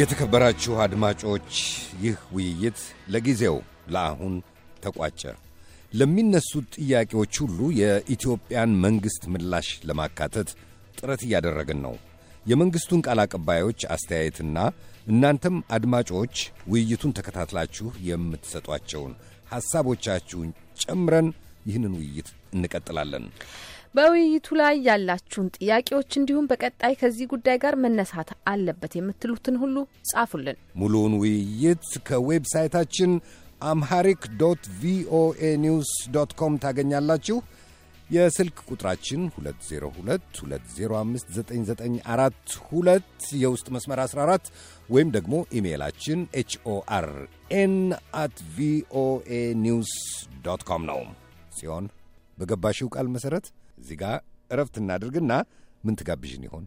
የተከበራችሁ አድማጮች ይህ ውይይት ለጊዜው ለአሁን ተቋጨ። ለሚነሱት ጥያቄዎች ሁሉ የኢትዮጵያን መንግሥት ምላሽ ለማካተት ጥረት እያደረግን ነው። የመንግሥቱን ቃል አቀባዮች አስተያየትና እናንተም አድማጮች ውይይቱን ተከታትላችሁ የምትሰጧቸውን ሐሳቦቻችሁን ጨምረን ይህንን ውይይት እንቀጥላለን። በውይይቱ ላይ ያላችሁን ጥያቄዎች እንዲሁም በቀጣይ ከዚህ ጉዳይ ጋር መነሳት አለበት የምትሉትን ሁሉ ጻፉልን። ሙሉውን ውይይት ከዌብሳይታችን አምሃሪክ ዶት ቪኦኤ ኒውስ ዶት ኮም ታገኛላችሁ። የስልክ ቁጥራችን 2022059942 የውስጥ መስመር 14 ወይም ደግሞ ኢሜይላችን ኤችኦአር ኤን አት ቪኦኤ ኒውስ ዶት ኮም ነው። ጽዮን በገባሽው ቃል መሰረት እዚህ ጋ እረፍት እናድርግና ምን ትጋብዥን ይሆን?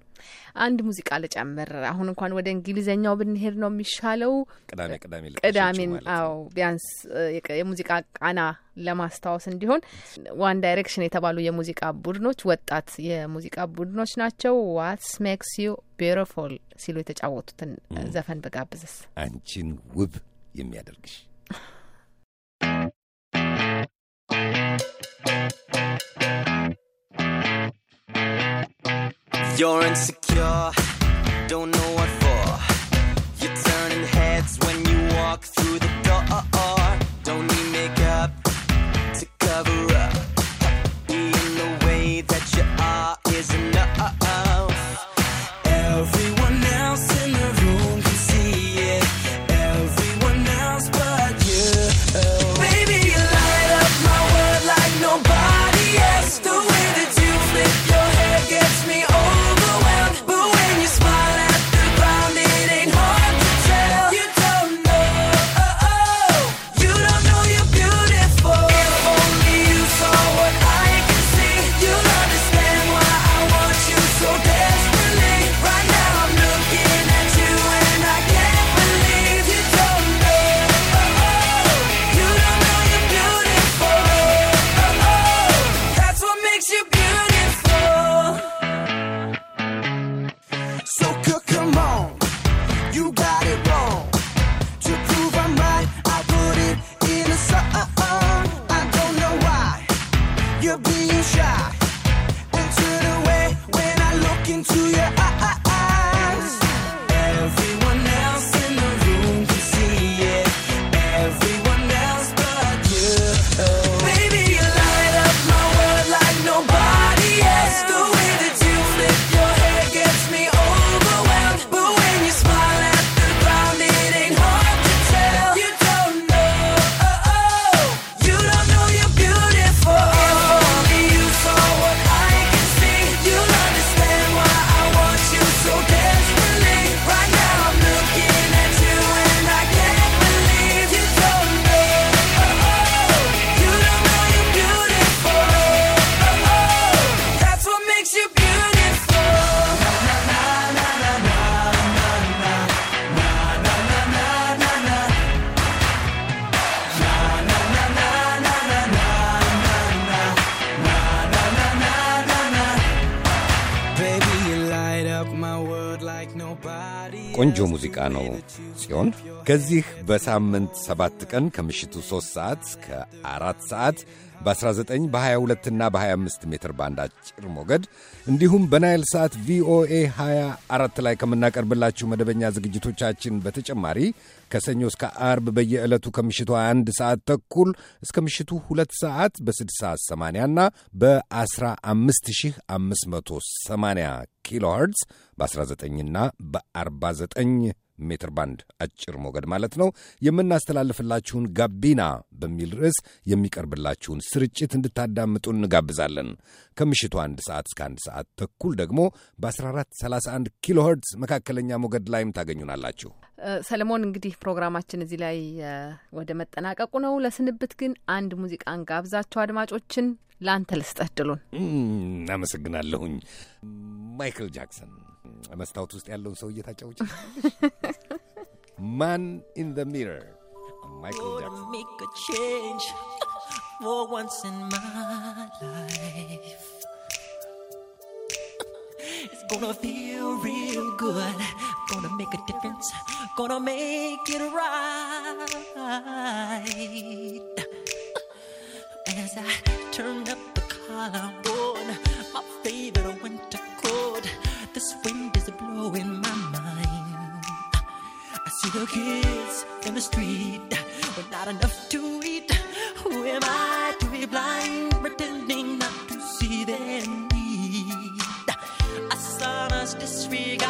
አንድ ሙዚቃ ልጨምር። አሁን እንኳን ወደ እንግሊዘኛው ብንሄድ ነው የሚሻለው። ቅዳሜ ቅዳሜ ቅዳሜን፣ አዎ ቢያንስ የሙዚቃ ቃና ለማስታወስ እንዲሆን ዋን ዳይሬክሽን የተባሉ የሙዚቃ ቡድኖች ወጣት የሙዚቃ ቡድኖች ናቸው። ዋትስ ሜክስ ዩ ቢዩቲፉል ሲሉ የተጫወቱትን ዘፈን በጋብዝስ አንቺን ውብ የሚያደርግሽ You're insecure, don't know what for. You're turning heads when you walk through the door. ከዚህ በሳምንት ሰባት ቀን ከምሽቱ 3 ሰዓት እስከ 4 ሰዓት በ19 በ22 እና በ25 ሜትር ባንድ አጭር ሞገድ እንዲሁም በናይል ሰዓት ቪኦኤ 24 ላይ ከምናቀርብላችሁ መደበኛ ዝግጅቶቻችን በተጨማሪ ከሰኞ እስከ አርብ በየዕለቱ ከምሽቱ 1 ሰዓት ተኩል እስከ ምሽቱ 2 ሰዓት በ6080 እና በ15580 ኪሎ ሄርዝ በ19 እና በ49 ሜትር ባንድ አጭር ሞገድ ማለት ነው የምናስተላልፍላችሁን ጋቢና በሚል ርዕስ የሚቀርብላችሁን ስርጭት እንድታዳምጡ እንጋብዛለን። ከምሽቱ አንድ ሰዓት እስከ አንድ ሰዓት ተኩል ደግሞ በ1431 ኪሎ ሄርትዝ መካከለኛ ሞገድ ላይም ታገኙናላችሁ። ሰለሞን፣ እንግዲህ ፕሮግራማችን እዚህ ላይ ወደ መጠናቀቁ ነው። ለስንብት ግን አንድ ሙዚቃን ጋብዛቸው አድማጮችን ለአንተ ልስጠህ ድሉን። አመሰግናለሁኝ። ማይክል ጃክሰን መስታወት ውስጥ ያለውን ሰው እየታጫውጭ ማን ኢን ዘ ሚረር ማይክል It's gonna feel real good. Gonna make a difference. Gonna make it right. (laughs) As I turn up the collar my favorite this wind is blowing my mind. I see the kids in the street but not enough to eat. Who am I to be blind, pretending not to see their need? I saw us disregard.